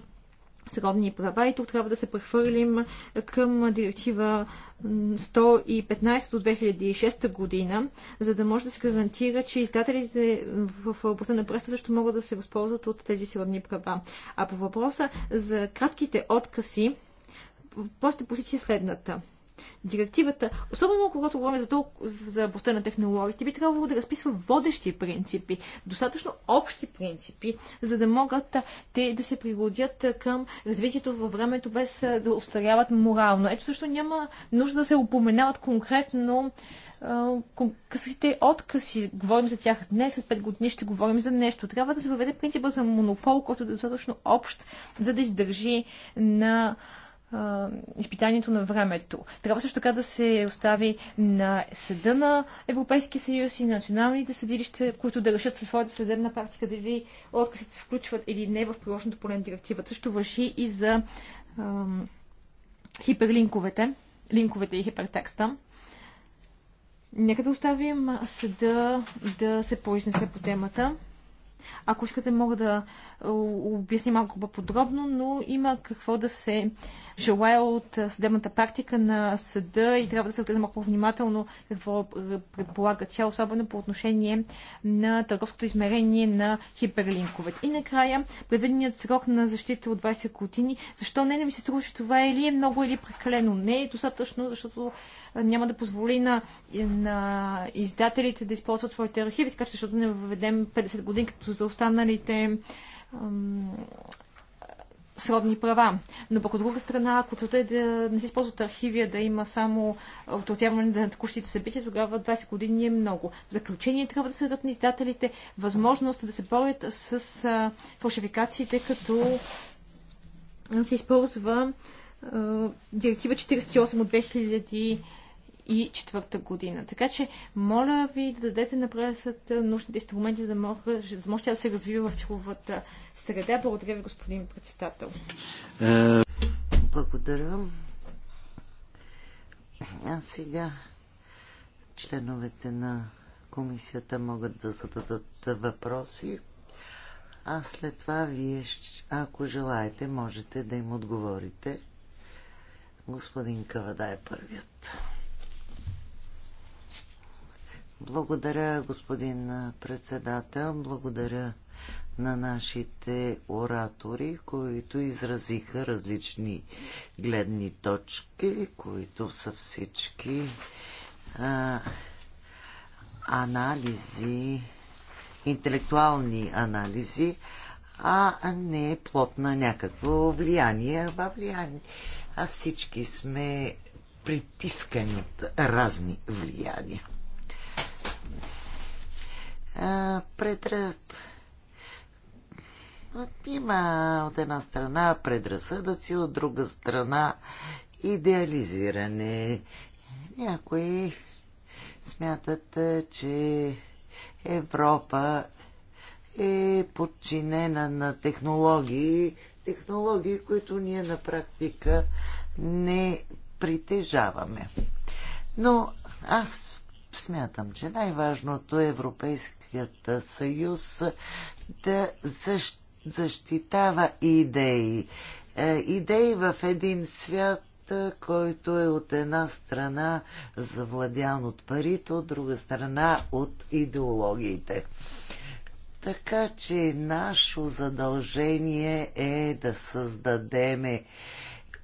сродни права. И тук трябва да се прехвърлим към директива 115 от 2006 година, за да може да се гарантира, че издателите в областта на преста също могат да се възползват от тези сродни права. А по въпроса за кратките откази, просто е позиция следната – директивата, особено когато говорим за, дъл... за областта на технологиите, би трябвало да разписва водещи принципи, достатъчно общи принципи, за да могат те да се пригодят към развитието във времето, без да устаряват морално. Ето също няма нужда да се упоменават конкретно късите откъси. Говорим за тях днес, след 5 години ще говорим за нещо. Трябва да се въведе принципа за монопол, който е достатъчно общ, за да издържи на изпитанието на времето. Трябва също така да се остави на съда на Европейския съюз и на националните съдилища, които да решат със своята съдебна практика дали отказите се включват или не в приложното поле на директивата. Също върши и за ам, хиперлинковете, линковете и хипертекста. Нека да оставим съда да се произнесе по темата. Ако искате, мога да обясня малко по-подробно, но има какво да се желая от съдебната практика на съда и трябва да се отгледа малко внимателно какво предполага тя, особено по отношение на търговското измерение на хиперлинковете. И накрая, предвиденият срок на защита от 20 години, защо не, не ми се струва, че това е или е много, или е прекалено. Не е достатъчно, защото няма да позволи на, на издателите да използват своите архиви, така че защото не въведем 50 години, като за останалите сродни права. Но пък от друга страна, ако целта е да не се използват архивия, да има само отразяване на текущите събития, тогава 20 години е много. В заключение трябва да се дадат на издателите възможност да се борят с а, фалшификациите, като се използва а, директива 48 от 2000 2004 година. Така че, моля ви да дадете на пресата нужните инструменти, за да може, за може да се развива в цифровата среда. Благодаря ви, господин председател.
Благодаря. А сега членовете на комисията могат да зададат въпроси. А след това вие, ако желаете, можете да им отговорите. Господин Кавада е първият. Благодаря, господин председател. Благодаря на нашите оратори, които изразиха различни гледни точки, които са всички а, анализи, интелектуални анализи, а не плод на някакво влияние, Във влияние. А всички сме притискани от разни влияния предръп. Има от една страна предразсъдъци, от друга страна идеализиране. Някои смятат, че Европа е подчинена на технологии, технологии, които ние на практика не притежаваме. Но аз смятам, че най-важното е Европейският съюз да защитава идеи. Е, идеи в един свят, е, който е от една страна завладян от парите, от друга страна от идеологиите. Така че наше задължение е да създадеме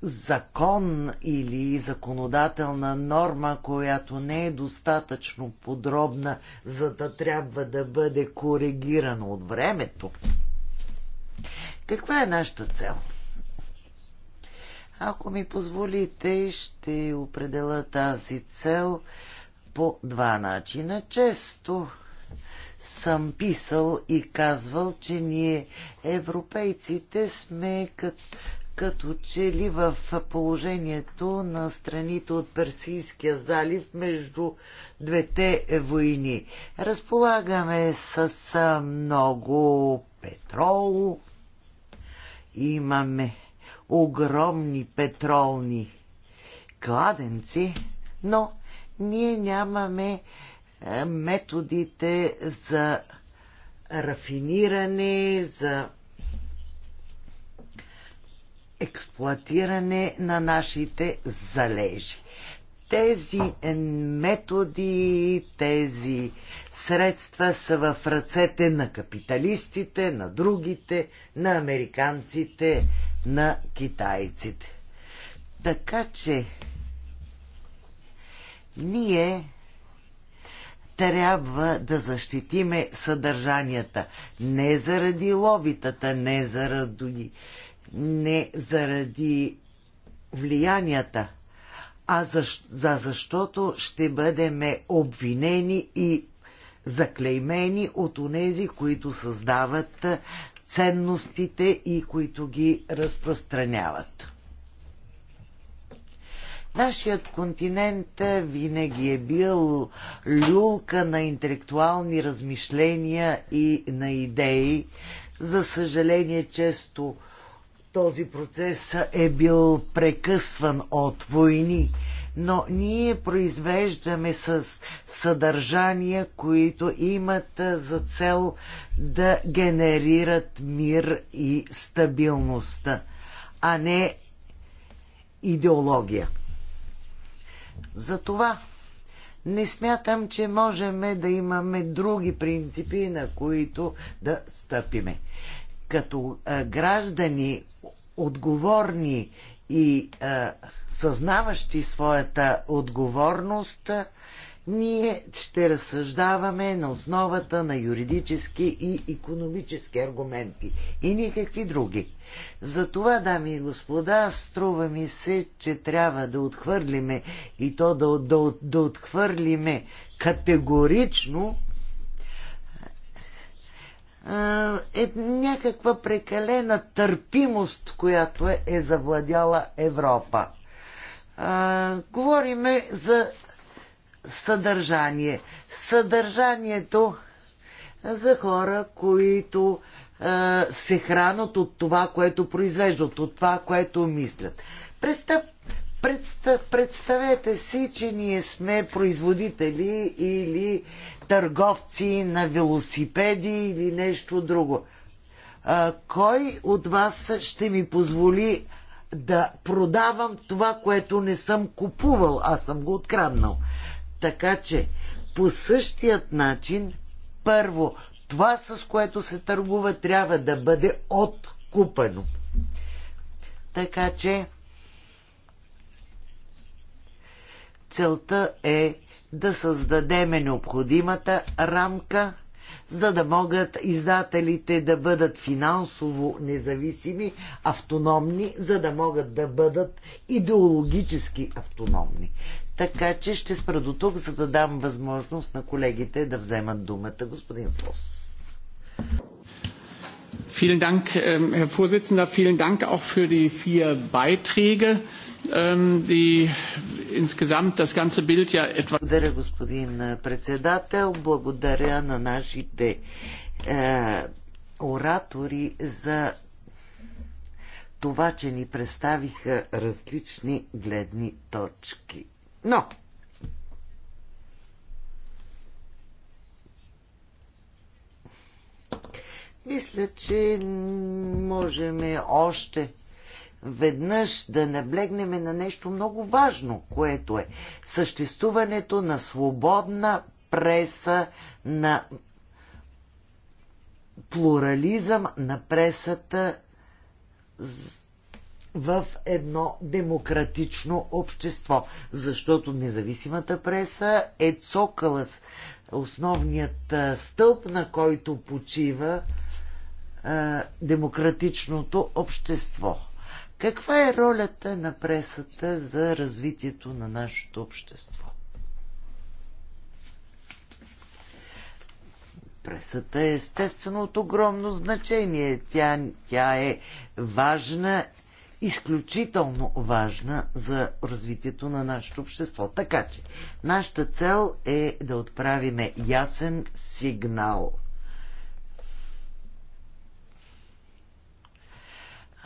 закон или законодателна норма, която не е достатъчно подробна, за да трябва да бъде коригирана от времето. Каква е нашата цел? Ако ми позволите, ще определя тази цел по два начина. Често съм писал и казвал, че ние европейците сме като като че ли в положението на страните от Персийския залив между двете войни. Разполагаме с много петрол, имаме огромни петролни кладенци, но ние нямаме методите за рафиниране, за експлуатиране на нашите залежи. Тези методи, тези средства са в ръцете на капиталистите, на другите, на американците, на китайците. Така че ние трябва да защитиме съдържанията. Не заради лобитата, не заради не заради влиянията, а за защото ще бъдем обвинени и заклеймени от онези, които създават ценностите и които ги разпространяват. Нашият континент винаги е бил люлка на интелектуални размишления и на идеи. За съжаление, често този процес е бил прекъсван от войни, но ние произвеждаме с съдържания, които имат за цел да генерират мир и стабилност, а не идеология. Затова не смятам, че можем да имаме други принципи, на които да стъпиме. Като граждани, отговорни и а, съзнаващи своята отговорност, ние ще разсъждаваме на основата на юридически и економически аргументи и никакви други. Затова, дами и господа, струва ми се, че трябва да отхвърлиме и то да, да, да отхвърлиме категорично е някаква прекалена търпимост, която е, е завладяла Европа. А, говориме за съдържание. Съдържанието за хора, които а, се хранат от това, което произвеждат, от това, което мислят. Престъп, Представете си, че ние сме производители или търговци на велосипеди или нещо друго. А, кой от вас ще ми позволи да продавам това, което не съм купувал, аз съм го откраднал. Така че по същият начин, първо, това с което се търгува трябва да бъде откупено. Така че целта е да създадеме необходимата рамка, за да могат издателите да бъдат финансово независими, автономни, за да могат да бъдат идеологически автономни. Така че ще спра до тук, за да дам възможност на колегите да вземат думата. Господин Фос.
Vielen Dank, ähm, Herr Vorsitzender. Vielen Dank auch für die vier Beiträge.
Благодаря, господин председател. Благодаря на нашите е, оратори за това, че ни представиха различни гледни точки. Но, мисля, че можем още веднъж да наблегнем на нещо много важно, което е съществуването на свободна преса, на плурализъм на пресата в едно демократично общество. Защото независимата преса е цокъла основният стълб, на който почива демократичното общество. Каква е ролята на пресата за развитието на нашето общество? Пресата е естествено от огромно значение. Тя, тя е важна, изключително важна за развитието на нашето общество. Така че, нашата цел е да отправиме ясен сигнал –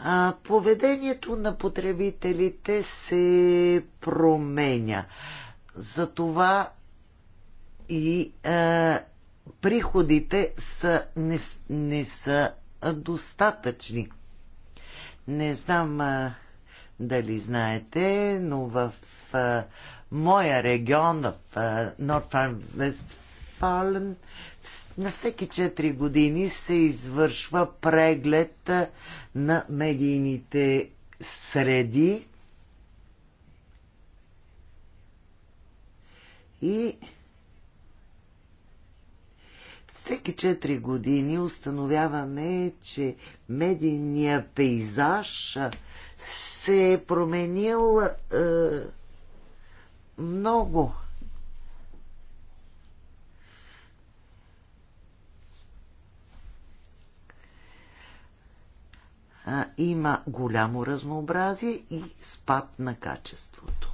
а, поведението на потребителите се променя. Затова и а, приходите са, не, не са достатъчни. Не знам а, дали знаете, но в а, моя регион, в а, Вестфален, на всеки 4 години се извършва преглед на медийните среди и всеки 4 години установяваме, че медийния пейзаж се е променил е, много. а, има голямо разнообразие и спад на качеството.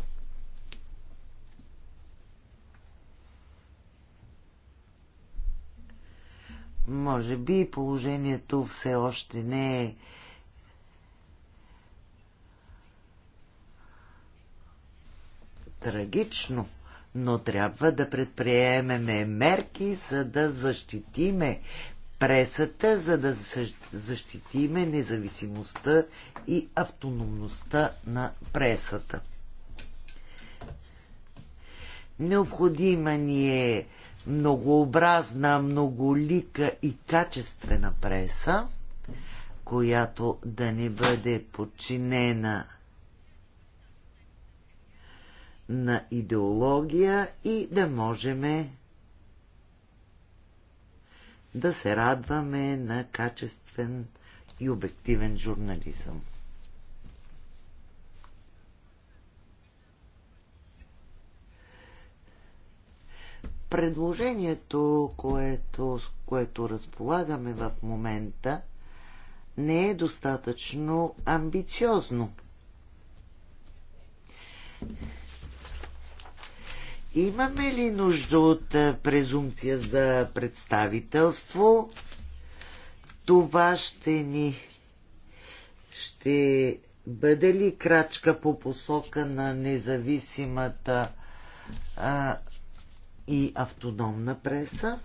Може би положението все още не е трагично, но трябва да предприемеме мерки, за да защитиме пресата, за да защитиме независимостта и автономността на пресата. Необходима ни е многообразна, многолика и качествена преса, която да не бъде подчинена на идеология и да можем да се радваме на качествен и обективен журнализъм. Предложението, което, което разполагаме в момента, не е достатъчно амбициозно. Имаме ли нужда от презумпция за представителство? Това ще ни ще бъде ли крачка по посока на независимата а, и автономна преса?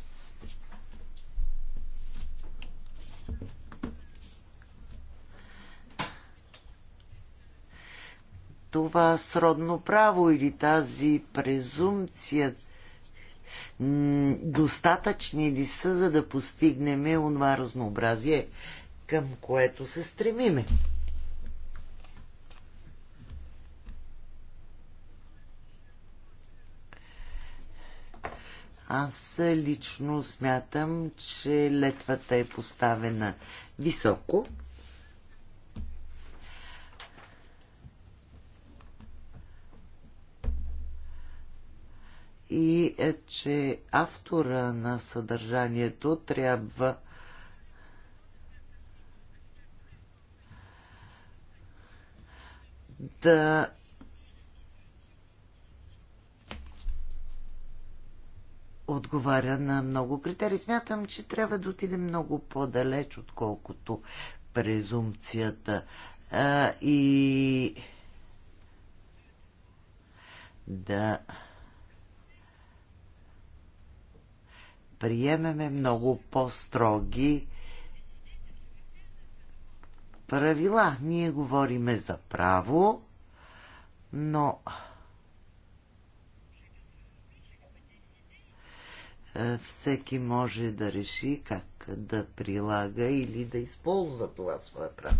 това сродно право или тази презумпция достатъчни ли са, за да постигнем онова разнообразие, към което се стремиме. Аз лично смятам, че летвата е поставена високо и е, че автора на съдържанието трябва да отговаря на много критерии. Смятам, че трябва да отидем много по-далеч, отколкото презумпцията. А, и да. приемеме много по-строги правила. Ние говориме за право, но е, всеки може да реши как да прилага или да използва това свое право.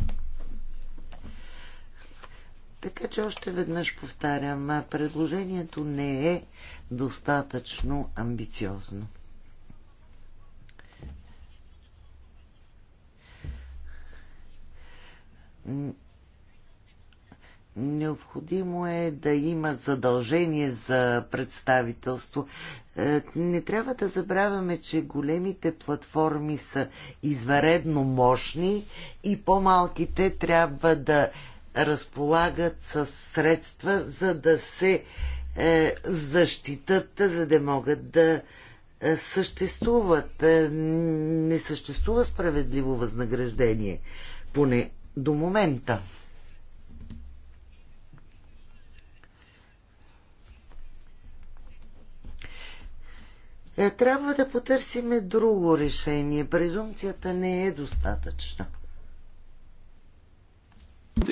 Така че още веднъж повтарям, предложението не е достатъчно амбициозно. Необходимо е да има задължение за представителство. Е, не трябва да забравяме, че големите платформи са изваредно мощни и по-малките трябва да разполагат с средства, за да се е, защитат, за да могат да е, съществуват. Не съществува справедливо възнаграждение, поне до момента. Е, трябва да потърсиме друго решение. Презумцията не е достатъчна.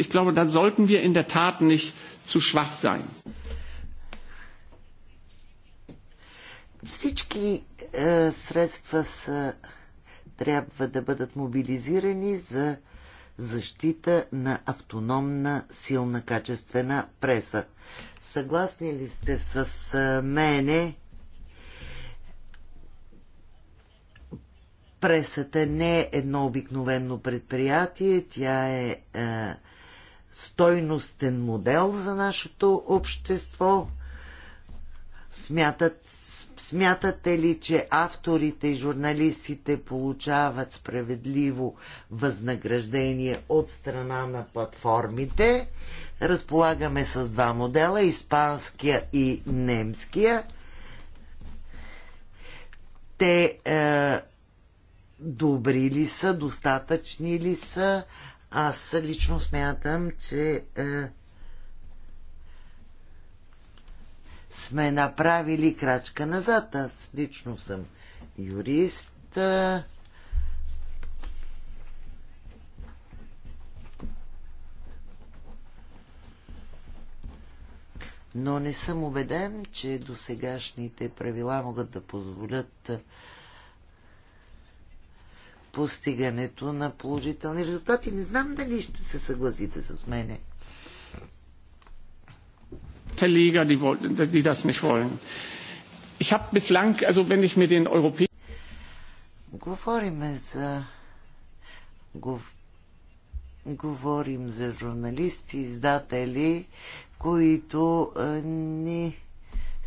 Ich glaube, da sollten wir in der Tat nicht zu schwach sein.
Всички е, средства са, трябва да бъдат мобилизирани за защита на автономна, силна, качествена преса. Съгласни ли сте с мене? Пресата не е едно обикновено предприятие, тя е, е стойностен модел за нашето общество. Смятат, Смятате ли, че авторите и журналистите получават справедливо възнаграждение от страна на платформите? Разполагаме с два модела испанския и немския. Те е, добри ли са, достатъчни ли са? Аз лично смятам, че. Е, сме направили крачка назад. Аз лично съм юрист. но не съм убеден, че досегашните правила могат да позволят постигането на положителни резултати. Не знам дали ще се съгласите с мене.
Verleger, die, die das nicht wollen. Ich habe bislang, also wenn ich mir den
europäischen... Говорим за... Говорим за журналисти, издатели, които ни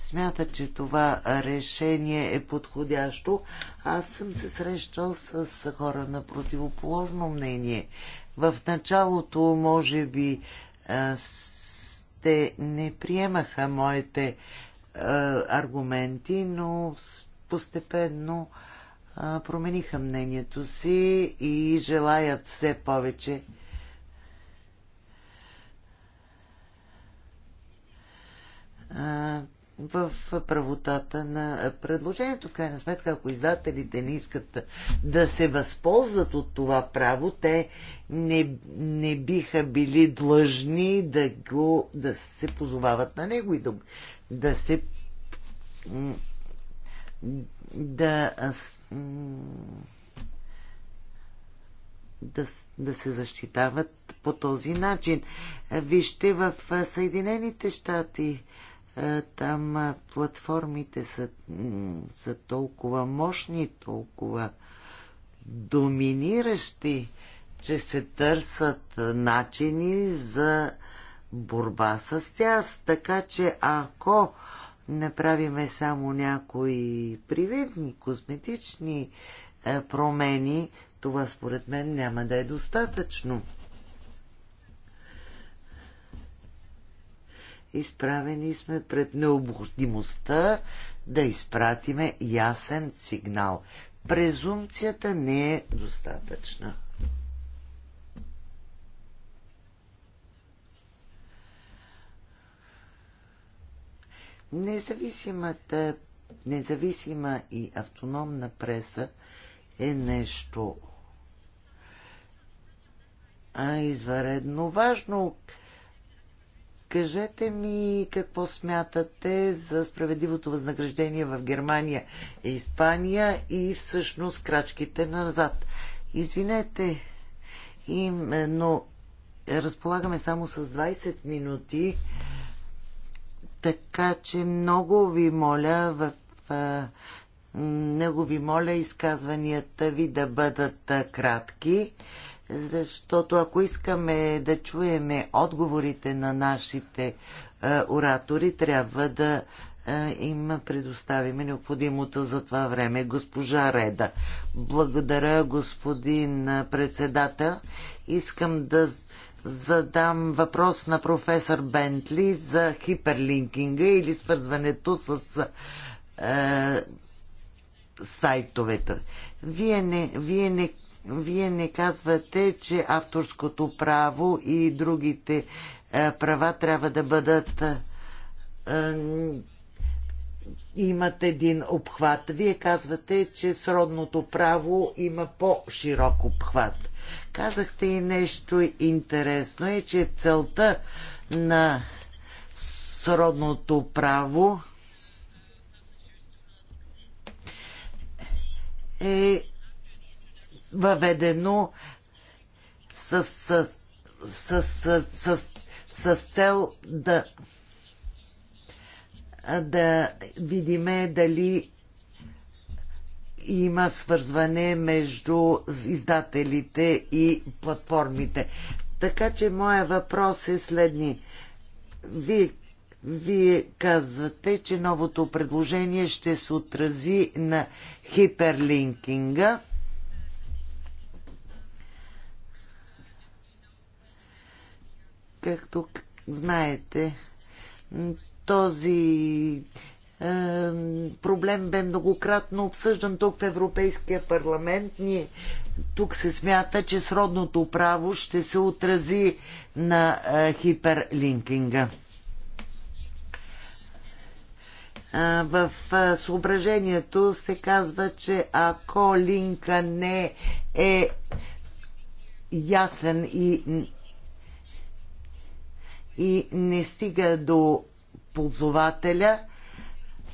смятат, че това решение е подходящо. Аз съм се срещал с хора на противоположно мнение. В началото, може би, те не приемаха моите е, аргументи, но постепенно е, промениха мнението си и желаят все повече е, в правотата на предложението. В крайна сметка, ако издателите не искат да се възползват от това право, те не, не биха били длъжни да, го, да се позовават на него и да, да се да да, да се защитават по този начин. Вижте, в Съединените щати е, там платформите са, са толкова мощни, толкова доминиращи, че се търсят начини за борба с тях. Така че ако направиме само някои привидни, косметични е, промени, това според мен няма да е достатъчно. Изправени сме пред необходимостта да изпратиме ясен сигнал. Презумцията не е достатъчна. Независимата, независима и автономна преса е нещо а изваредно важно. Кажете ми какво смятате за справедливото възнаграждение в Германия и Испания и всъщност крачките назад. Извинете, им, е, но разполагаме само с 20 минути, така че много ви моля в е, много ви моля изказванията ви да бъдат е, кратки защото ако искаме да чуеме отговорите на нашите е, оратори, трябва да е, им предоставим необходимото за това време. Госпожа Реда. Благодаря, господин председател. Искам да задам въпрос на професор Бентли за хиперлинкинга или свързването с е, сайтовете. Вие не, вие не вие не казвате, че авторското право и другите е, права трябва да бъдат е, имат един обхват. Вие казвате, че сродното право има по-широк обхват. Казахте и нещо интересно е, че целта на сродното право е въведено с, с, с, с, с, с, с цел да да видиме дали има свързване между издателите и платформите. Така че моя въпрос е следни. Вие, вие казвате, че новото предложение ще се отрази на хиперлинкинга Както знаете, този е, проблем бе многократно обсъждан тук в Европейския парламент. Ние, тук се смята, че сродното право ще се отрази на е, хиперлинкинга. Е, в съображението се казва, че ако линка не е ясен и и не стига до ползвателя,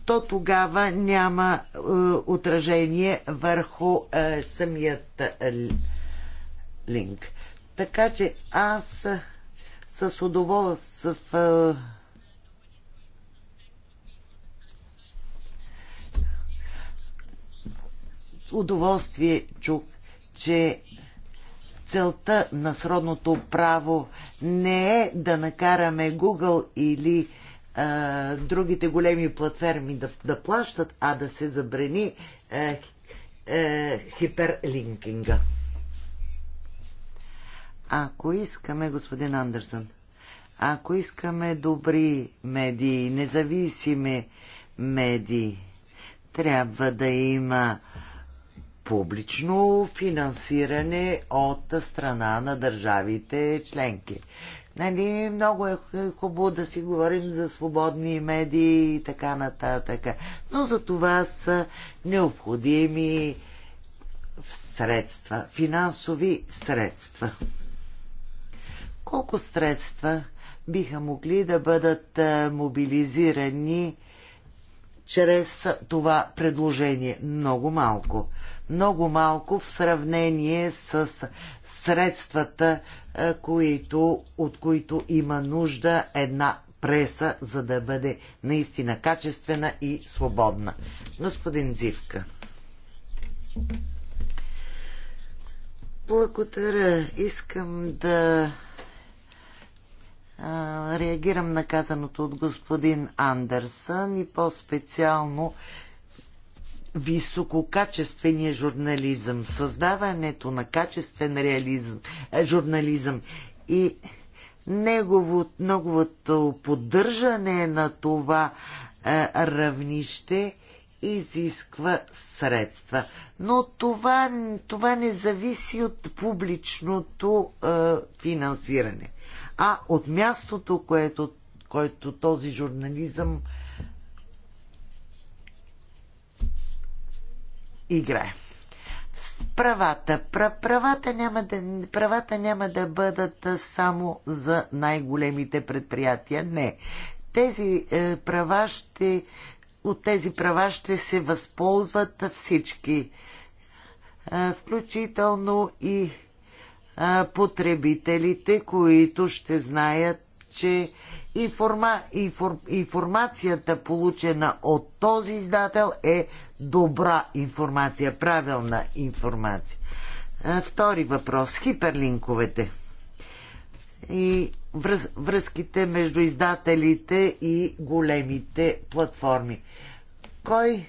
то тогава няма е, отражение върху е, самият е, линк. Така че аз е, с удоволствие в, е, удоволствие чух, че целта на сродното право не е да накараме Google или а, е, другите големи платформи да, да плащат, а да се забрани а, е, а, е, хиперлинкинга. Ако искаме, господин Андерсън, ако искаме добри медии, независими медии, трябва да има публично финансиране от страна на държавите членки. Нали, много е хубаво да си говорим за свободни медии и така нататък. Но за това са необходими средства, финансови средства. Колко средства биха могли да бъдат мобилизирани чрез това предложение? Много малко много малко в сравнение с средствата, е, които, от които има нужда една преса, за да бъде наистина качествена и свободна. Господин Зивка. Благодаря. Искам да реагирам на казаното от господин Андерсън и по-специално висококачествения журнализъм, създаването на качествен реализъм, е, журнализъм и неговото, неговото поддържане на това е, равнище изисква средства. Но това, това не зависи от публичното е, финансиране, а от мястото, което, което този журнализъм играе. С правата. Правата няма, да, правата няма да бъдат само за най-големите предприятия. Не. Тези е, права ще, от тези права ще се възползват всички, е, включително и е, потребителите, които ще знаят че информа, инфор, информацията получена от този издател е добра информация, правилна информация. Втори въпрос. Хиперлинковете и връз, връзките между издателите и големите платформи. Кой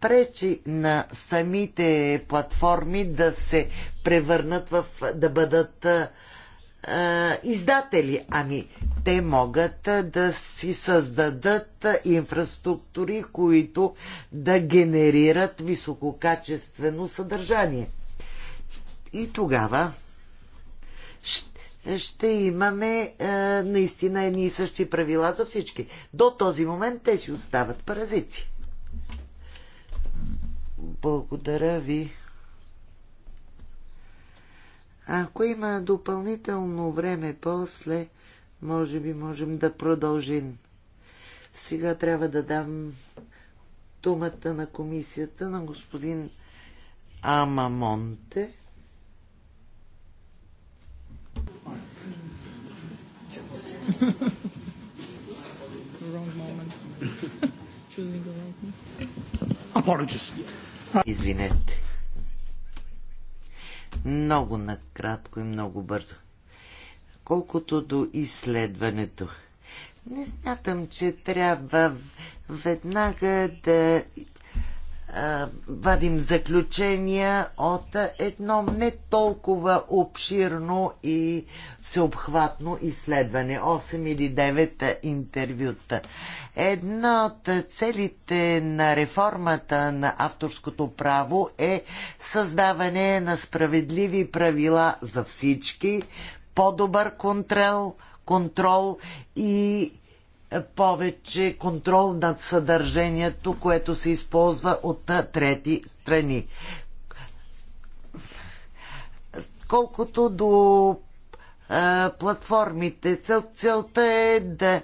пречи на самите платформи да се превърнат в да бъдат издатели. Ами, те могат да си създадат инфраструктури, които да генерират висококачествено съдържание. И тогава ще имаме е, наистина едни и същи правила за всички. До този момент те си остават паразити. Благодаря ви. Ако има допълнително време после, може би можем да продължим. Сега трябва да дам думата на комисията на господин Амамонте. Извинете много накратко и много бързо. Колкото до изследването, не смятам, че трябва веднага да вадим заключения от едно не толкова обширно и всеобхватно изследване. 8 или 9 интервюта. Една от целите на реформата на авторското право е създаване на справедливи правила за всички, по-добър контрол, контрол и повече контрол над съдържанието, което се използва от трети страни. Колкото до а, платформите, цел, целта е да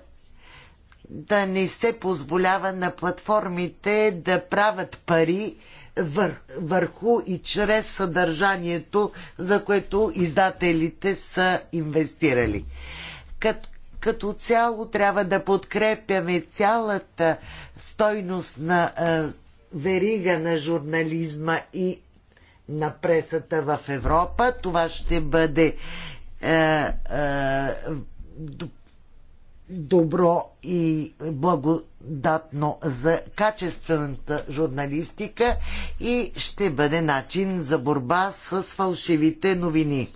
да не се позволява на платформите да правят пари вър, върху и чрез съдържанието, за което издателите са инвестирали. Като като цяло трябва да подкрепяме цялата стойност на е, верига на журнализма и на пресата в Европа. Това ще бъде а, е, а, е, добро и благодатно за качествената журналистика и ще бъде начин за борба с фалшивите новини.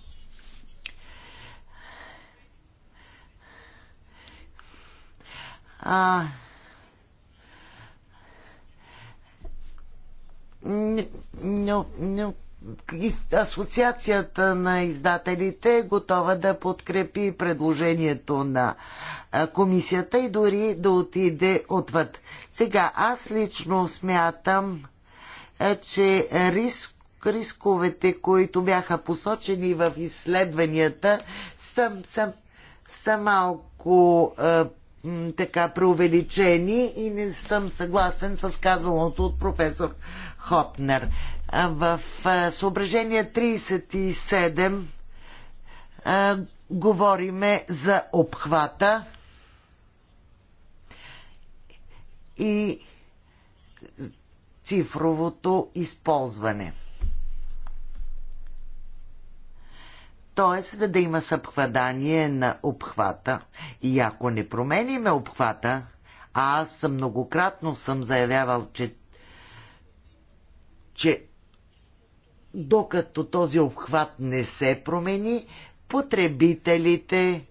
А, но, но, Асоциацията на издателите е готова да подкрепи предложението на комисията и дори да отиде отвъд. Сега, аз лично смятам, че риск, рисковете, които бяха посочени в изследванията, са, са, са малко е, така преувеличени и не съм съгласен с казаното от професор Хопнер. В съображение 37 говориме за обхвата и цифровото използване – т.е. да има съпхвадание на обхвата. И ако не промениме обхвата, а аз съм многократно съм заявявал, че, че докато този обхват не се промени, потребителите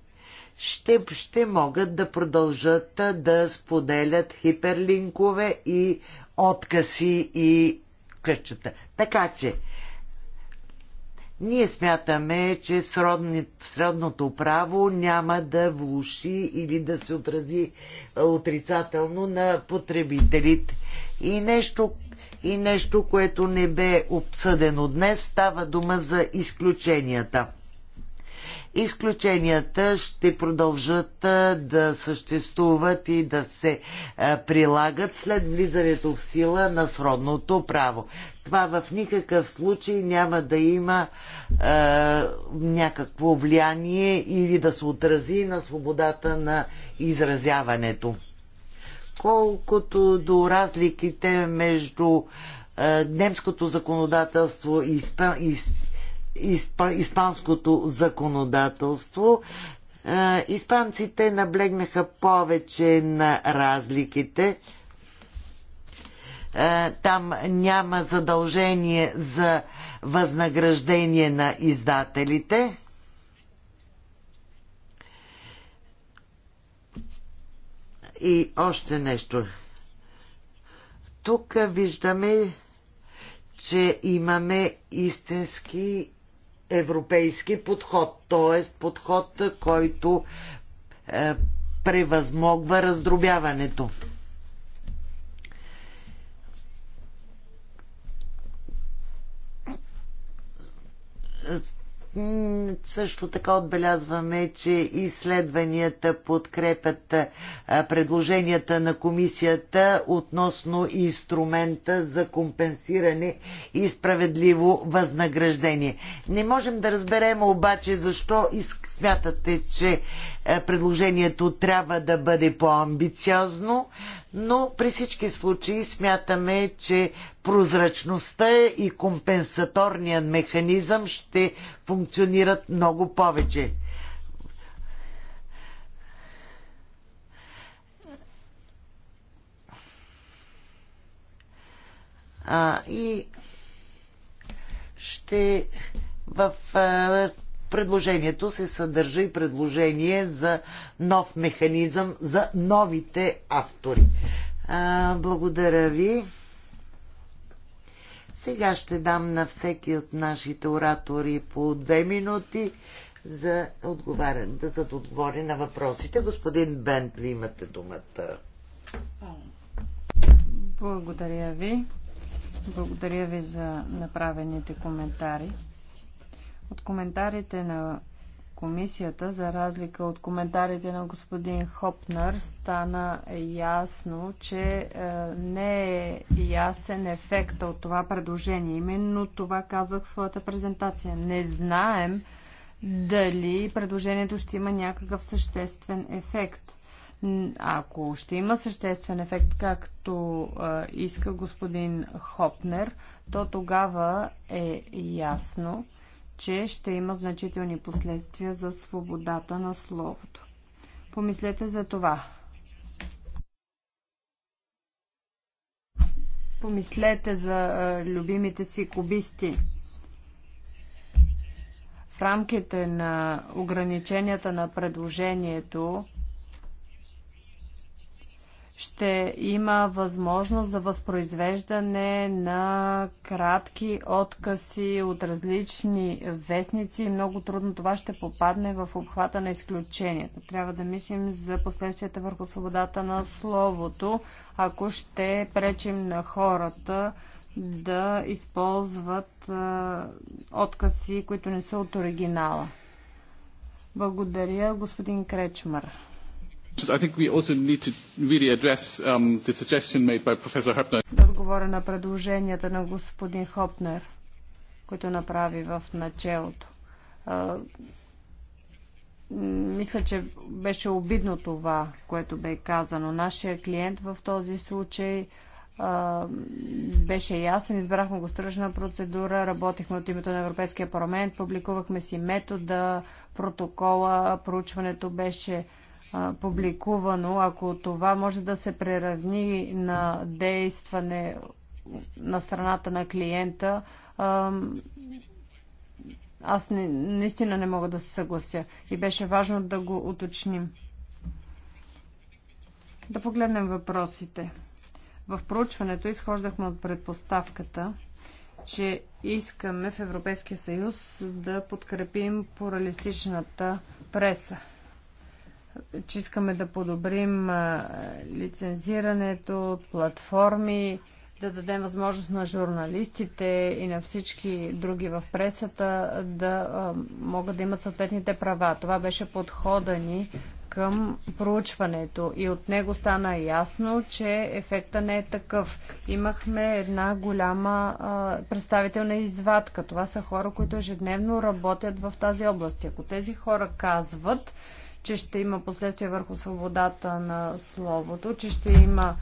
ще, ще могат да продължат да споделят хиперлинкове и откази и къщата. Така че, ние смятаме, че сродни, сродното право няма да влуши или да се отрази е, отрицателно на потребителите. И нещо, и нещо, което не бе обсъдено днес, става дума за изключенията – Изключенията ще продължат да съществуват и да се прилагат след влизането в сила на сродното право. Това в никакъв случай няма да има е, някакво влияние или да се отрази на свободата на изразяването. Колкото до разликите между немското законодателство и испанското законодателство. Е, испанците наблегнаха повече на разликите. Е, там няма задължение за възнаграждение на издателите. И още нещо. Тук виждаме, че имаме истински европейски подход, т.е. подход, който е, превъзмогва раздробяването. Също така отбелязваме, че изследванията подкрепят предложенията на комисията относно инструмента за компенсиране и справедливо възнаграждение. Не можем да разберем обаче защо смятате, че предложението трябва да бъде по-амбициозно но при всички случаи смятаме, че прозрачността и компенсаторният механизъм ще функционират много повече. А, и ще в а, предложението се съдържа и предложение за нов механизъм за новите автори. А, благодаря ви. Сега ще дам на всеки от нашите оратори по две минути за, отговарен, да за отговори на въпросите. Господин Бентли, имате думата.
Благодаря ви. Благодаря ви за направените коментари. От коментарите на комисията, за разлика от коментарите на господин Хопнер, стана ясно, че е, не е ясен ефекта от това предложение. Именно това казах в своята презентация. Не знаем дали предложението ще има някакъв съществен ефект. Ако ще има съществен ефект, както е, иска господин Хопнер, то тогава е ясно, че ще има значителни последствия за свободата на словото. Помислете за това. Помислете за а, любимите си кубисти. В рамките на ограниченията на предложението, ще има възможност за възпроизвеждане на кратки откази от различни вестници. Много трудно това ще попадне в обхвата на изключенията. Трябва да мислим за последствията върху свободата на словото, ако ще пречим на хората да използват откази, които не са от оригинала. Благодаря, господин Кречмар.
Да
отговоря на предложенията на господин Хопнер, който направи в началото. Мисля, че беше обидно това, което бе казано. Нашия клиент в този случай беше ясен. Избрахме го стръжна процедура, работихме от името на Европейския парламент, публикувахме си метода, протокола, проучването беше публикувано, ако това може да се преравни на действане на страната на клиента, аз не, наистина не мога да се съглася. И беше важно да го уточним. Да погледнем въпросите. В проучването изхождахме от предпоставката, че искаме в Европейския съюз да подкрепим поралистичната преса че искаме да подобрим лицензирането, платформи, да дадем възможност на журналистите и на всички други в пресата да могат да имат съответните права. Това беше подхода ни към проучването и от него стана ясно, че ефекта не е такъв. Имахме една голяма а, представителна извадка. Това са хора, които ежедневно работят в тази област. Ако тези хора казват, че ще има последствия върху свободата на словото, че ще има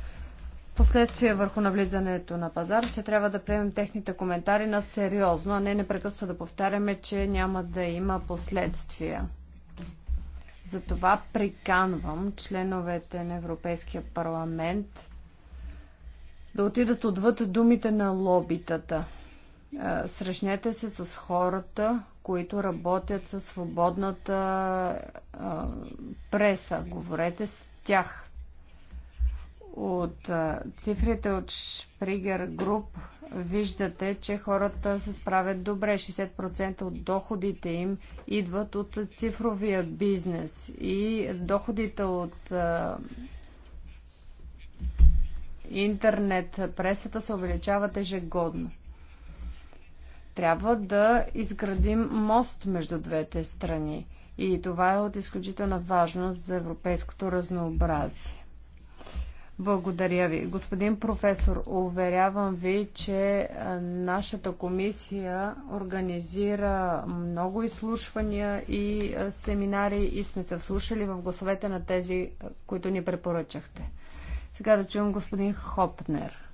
последствия върху навлизането на пазар, ще трябва да приемем техните коментари на сериозно, а не непрекъсно да повтаряме, че няма да има последствия. Затова приканвам членовете на Европейския парламент да отидат отвъд думите на лобитата. Е, срещнете се с хората, които работят със свободната е, преса. Говорете с тях. От е, цифрите от Шпригер Груп виждате, че хората се справят добре. 60% от доходите им идват от цифровия бизнес и доходите от интернет пресата се увеличават ежегодно. Трябва да изградим мост между двете страни. И това е от изключителна важност за европейското разнообразие. Благодаря ви. Господин професор, уверявам ви, че нашата комисия организира много изслушвания и семинари и сме се вслушали в гласовете на тези, които ни препоръчахте. Сега да чуем господин Хопнер.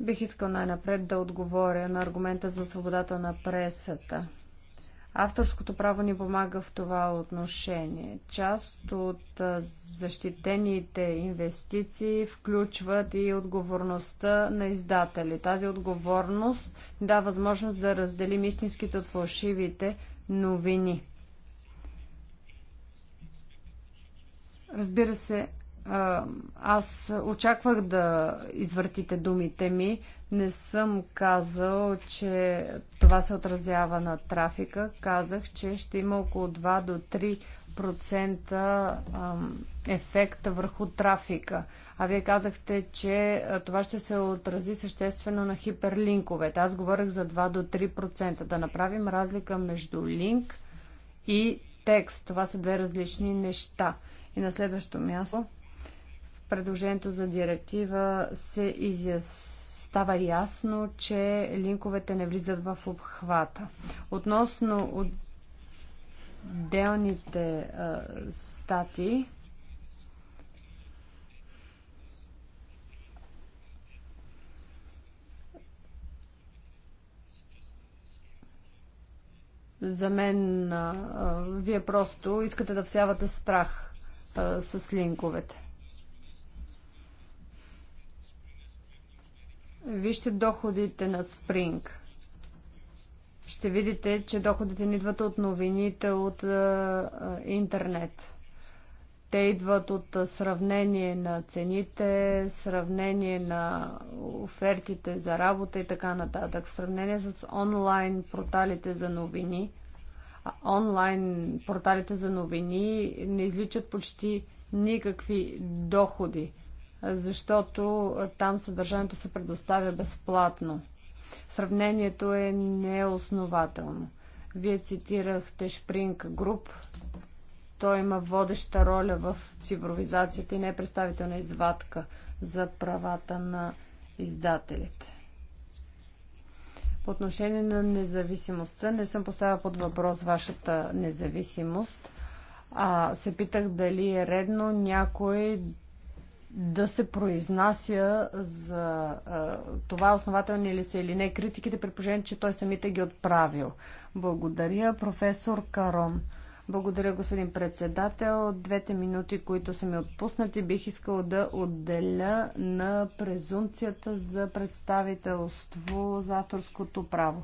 Бих искал най-напред да отговоря на аргумента за свободата на пресата. Авторското право ни помага в това отношение. Част от защитените инвестиции включват и отговорността на издатели. Тази отговорност дава възможност да разделим истинските от фалшивите новини. Разбира се, аз очаквах да извъртите думите ми. Не съм казал, че това се отразява на трафика. Казах, че ще има около 2 до 3% ефекта върху трафика. А вие казахте, че това ще се отрази съществено на хиперлинковете. Аз говорих за 2 до 3%. Да направим разлика между линк и текст. Това са две различни неща. И на следващото място предложението за директива се изяснява ясно, че линковете не влизат в обхвата. Относно отделните а, статии, за мен а, вие просто искате да всявате страх а, с линковете. Вижте доходите на Спринг. Ще видите, че доходите не идват от новините от а, интернет. Те идват от сравнение на цените, сравнение на офертите за работа и така нататък. В сравнение с онлайн порталите за новини, онлайн порталите за новини не изличат почти никакви доходи защото там съдържанието се предоставя безплатно. Сравнението е неоснователно. Вие цитирахте Шпринг Груп. Той има водеща роля в цифровизацията и не е представителна извадка за правата на издателите. По отношение на независимостта, не съм поставила под въпрос вашата независимост, а се питах дали е редно някой да се произнася за а, това основателни ли са или не критиките, при че той самите ги е отправил. Благодаря, професор Карон. Благодаря, господин председател. Двете минути, които са ми отпуснати, бих искал да отделя на презумцията за представителство за авторското право.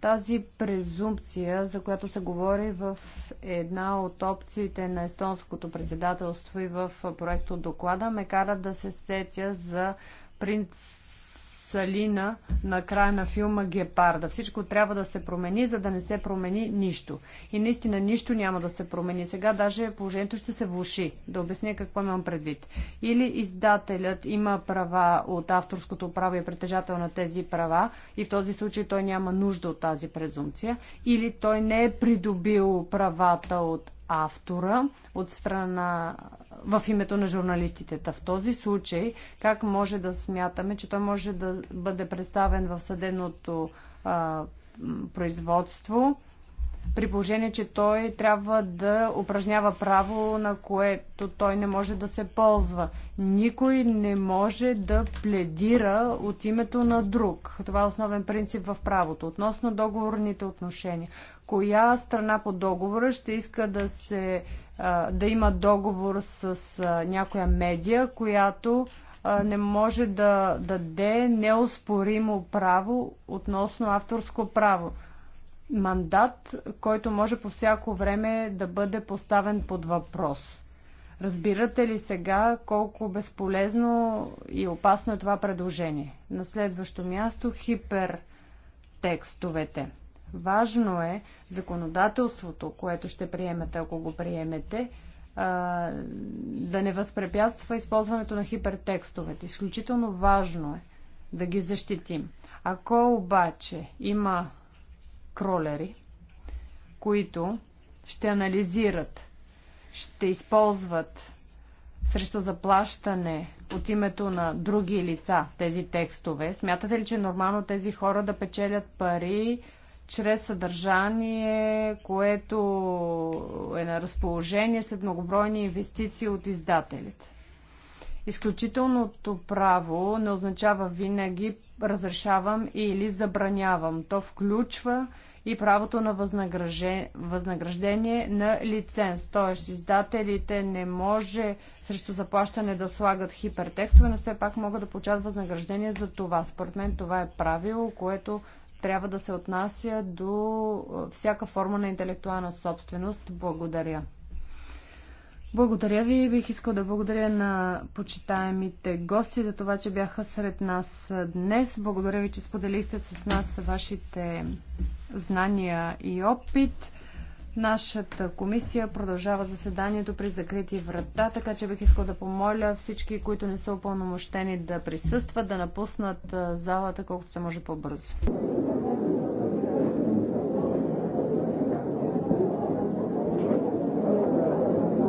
Тази презумпция, за която се говори в една от опциите на естонското председателство и в проекто доклада, ме кара да се сетя за принц. Салина на края на филма Гепарда. Всичко трябва да се промени, за да не се промени нищо. И наистина нищо няма да се промени. Сега даже положението ще се влуши. Да обясня какво имам предвид. Или издателят има права от авторското право и е притежател на тези права и в този случай той няма нужда от тази презумпция. Или той не е придобил правата от автора от страна в името на журналистите. Та в този случай, как може да смятаме, че той може да бъде представен в съдебното а, производство? при положение, че той трябва да упражнява право, на което той не може да се ползва. Никой не може да пледира от името на друг. Това е основен принцип в правото. Относно договорните отношения. Коя страна по договора ще иска да, се, да има договор с някоя медия, която не може да даде неоспоримо право относно авторско право? мандат, който може по всяко време да бъде поставен под въпрос. Разбирате ли сега колко безполезно и опасно е това предложение? На следващо място хипертекстовете. Важно е законодателството, което ще приемете, ако го приемете, да не възпрепятства използването на хипертекстовете. Изключително важно е да ги защитим. Ако обаче има кролери, които ще анализират, ще използват срещу заплащане от името на други лица тези текстове. Смятате ли, че е нормално тези хора да печелят пари чрез съдържание, което е на разположение след многобройни инвестиции от издателите? Изключителното право не означава винаги разрешавам или забранявам. То включва и правото на възнаграждение на лиценз. Т.е. издателите не може срещу заплащане да слагат хипертекстове, но все пак могат да получат възнаграждение за това. Според мен това е правило, което трябва да се отнася до всяка форма на интелектуална собственост. Благодаря. Благодаря ви. Бих искал да благодаря на почитаемите гости за това, че бяха сред нас днес. Благодаря ви, че споделихте с нас вашите знания и опит. Нашата комисия продължава заседанието при закрити врата, така че бих искал да помоля всички, които не са упълномощени да присъстват, да напуснат залата колкото се може по-бързо.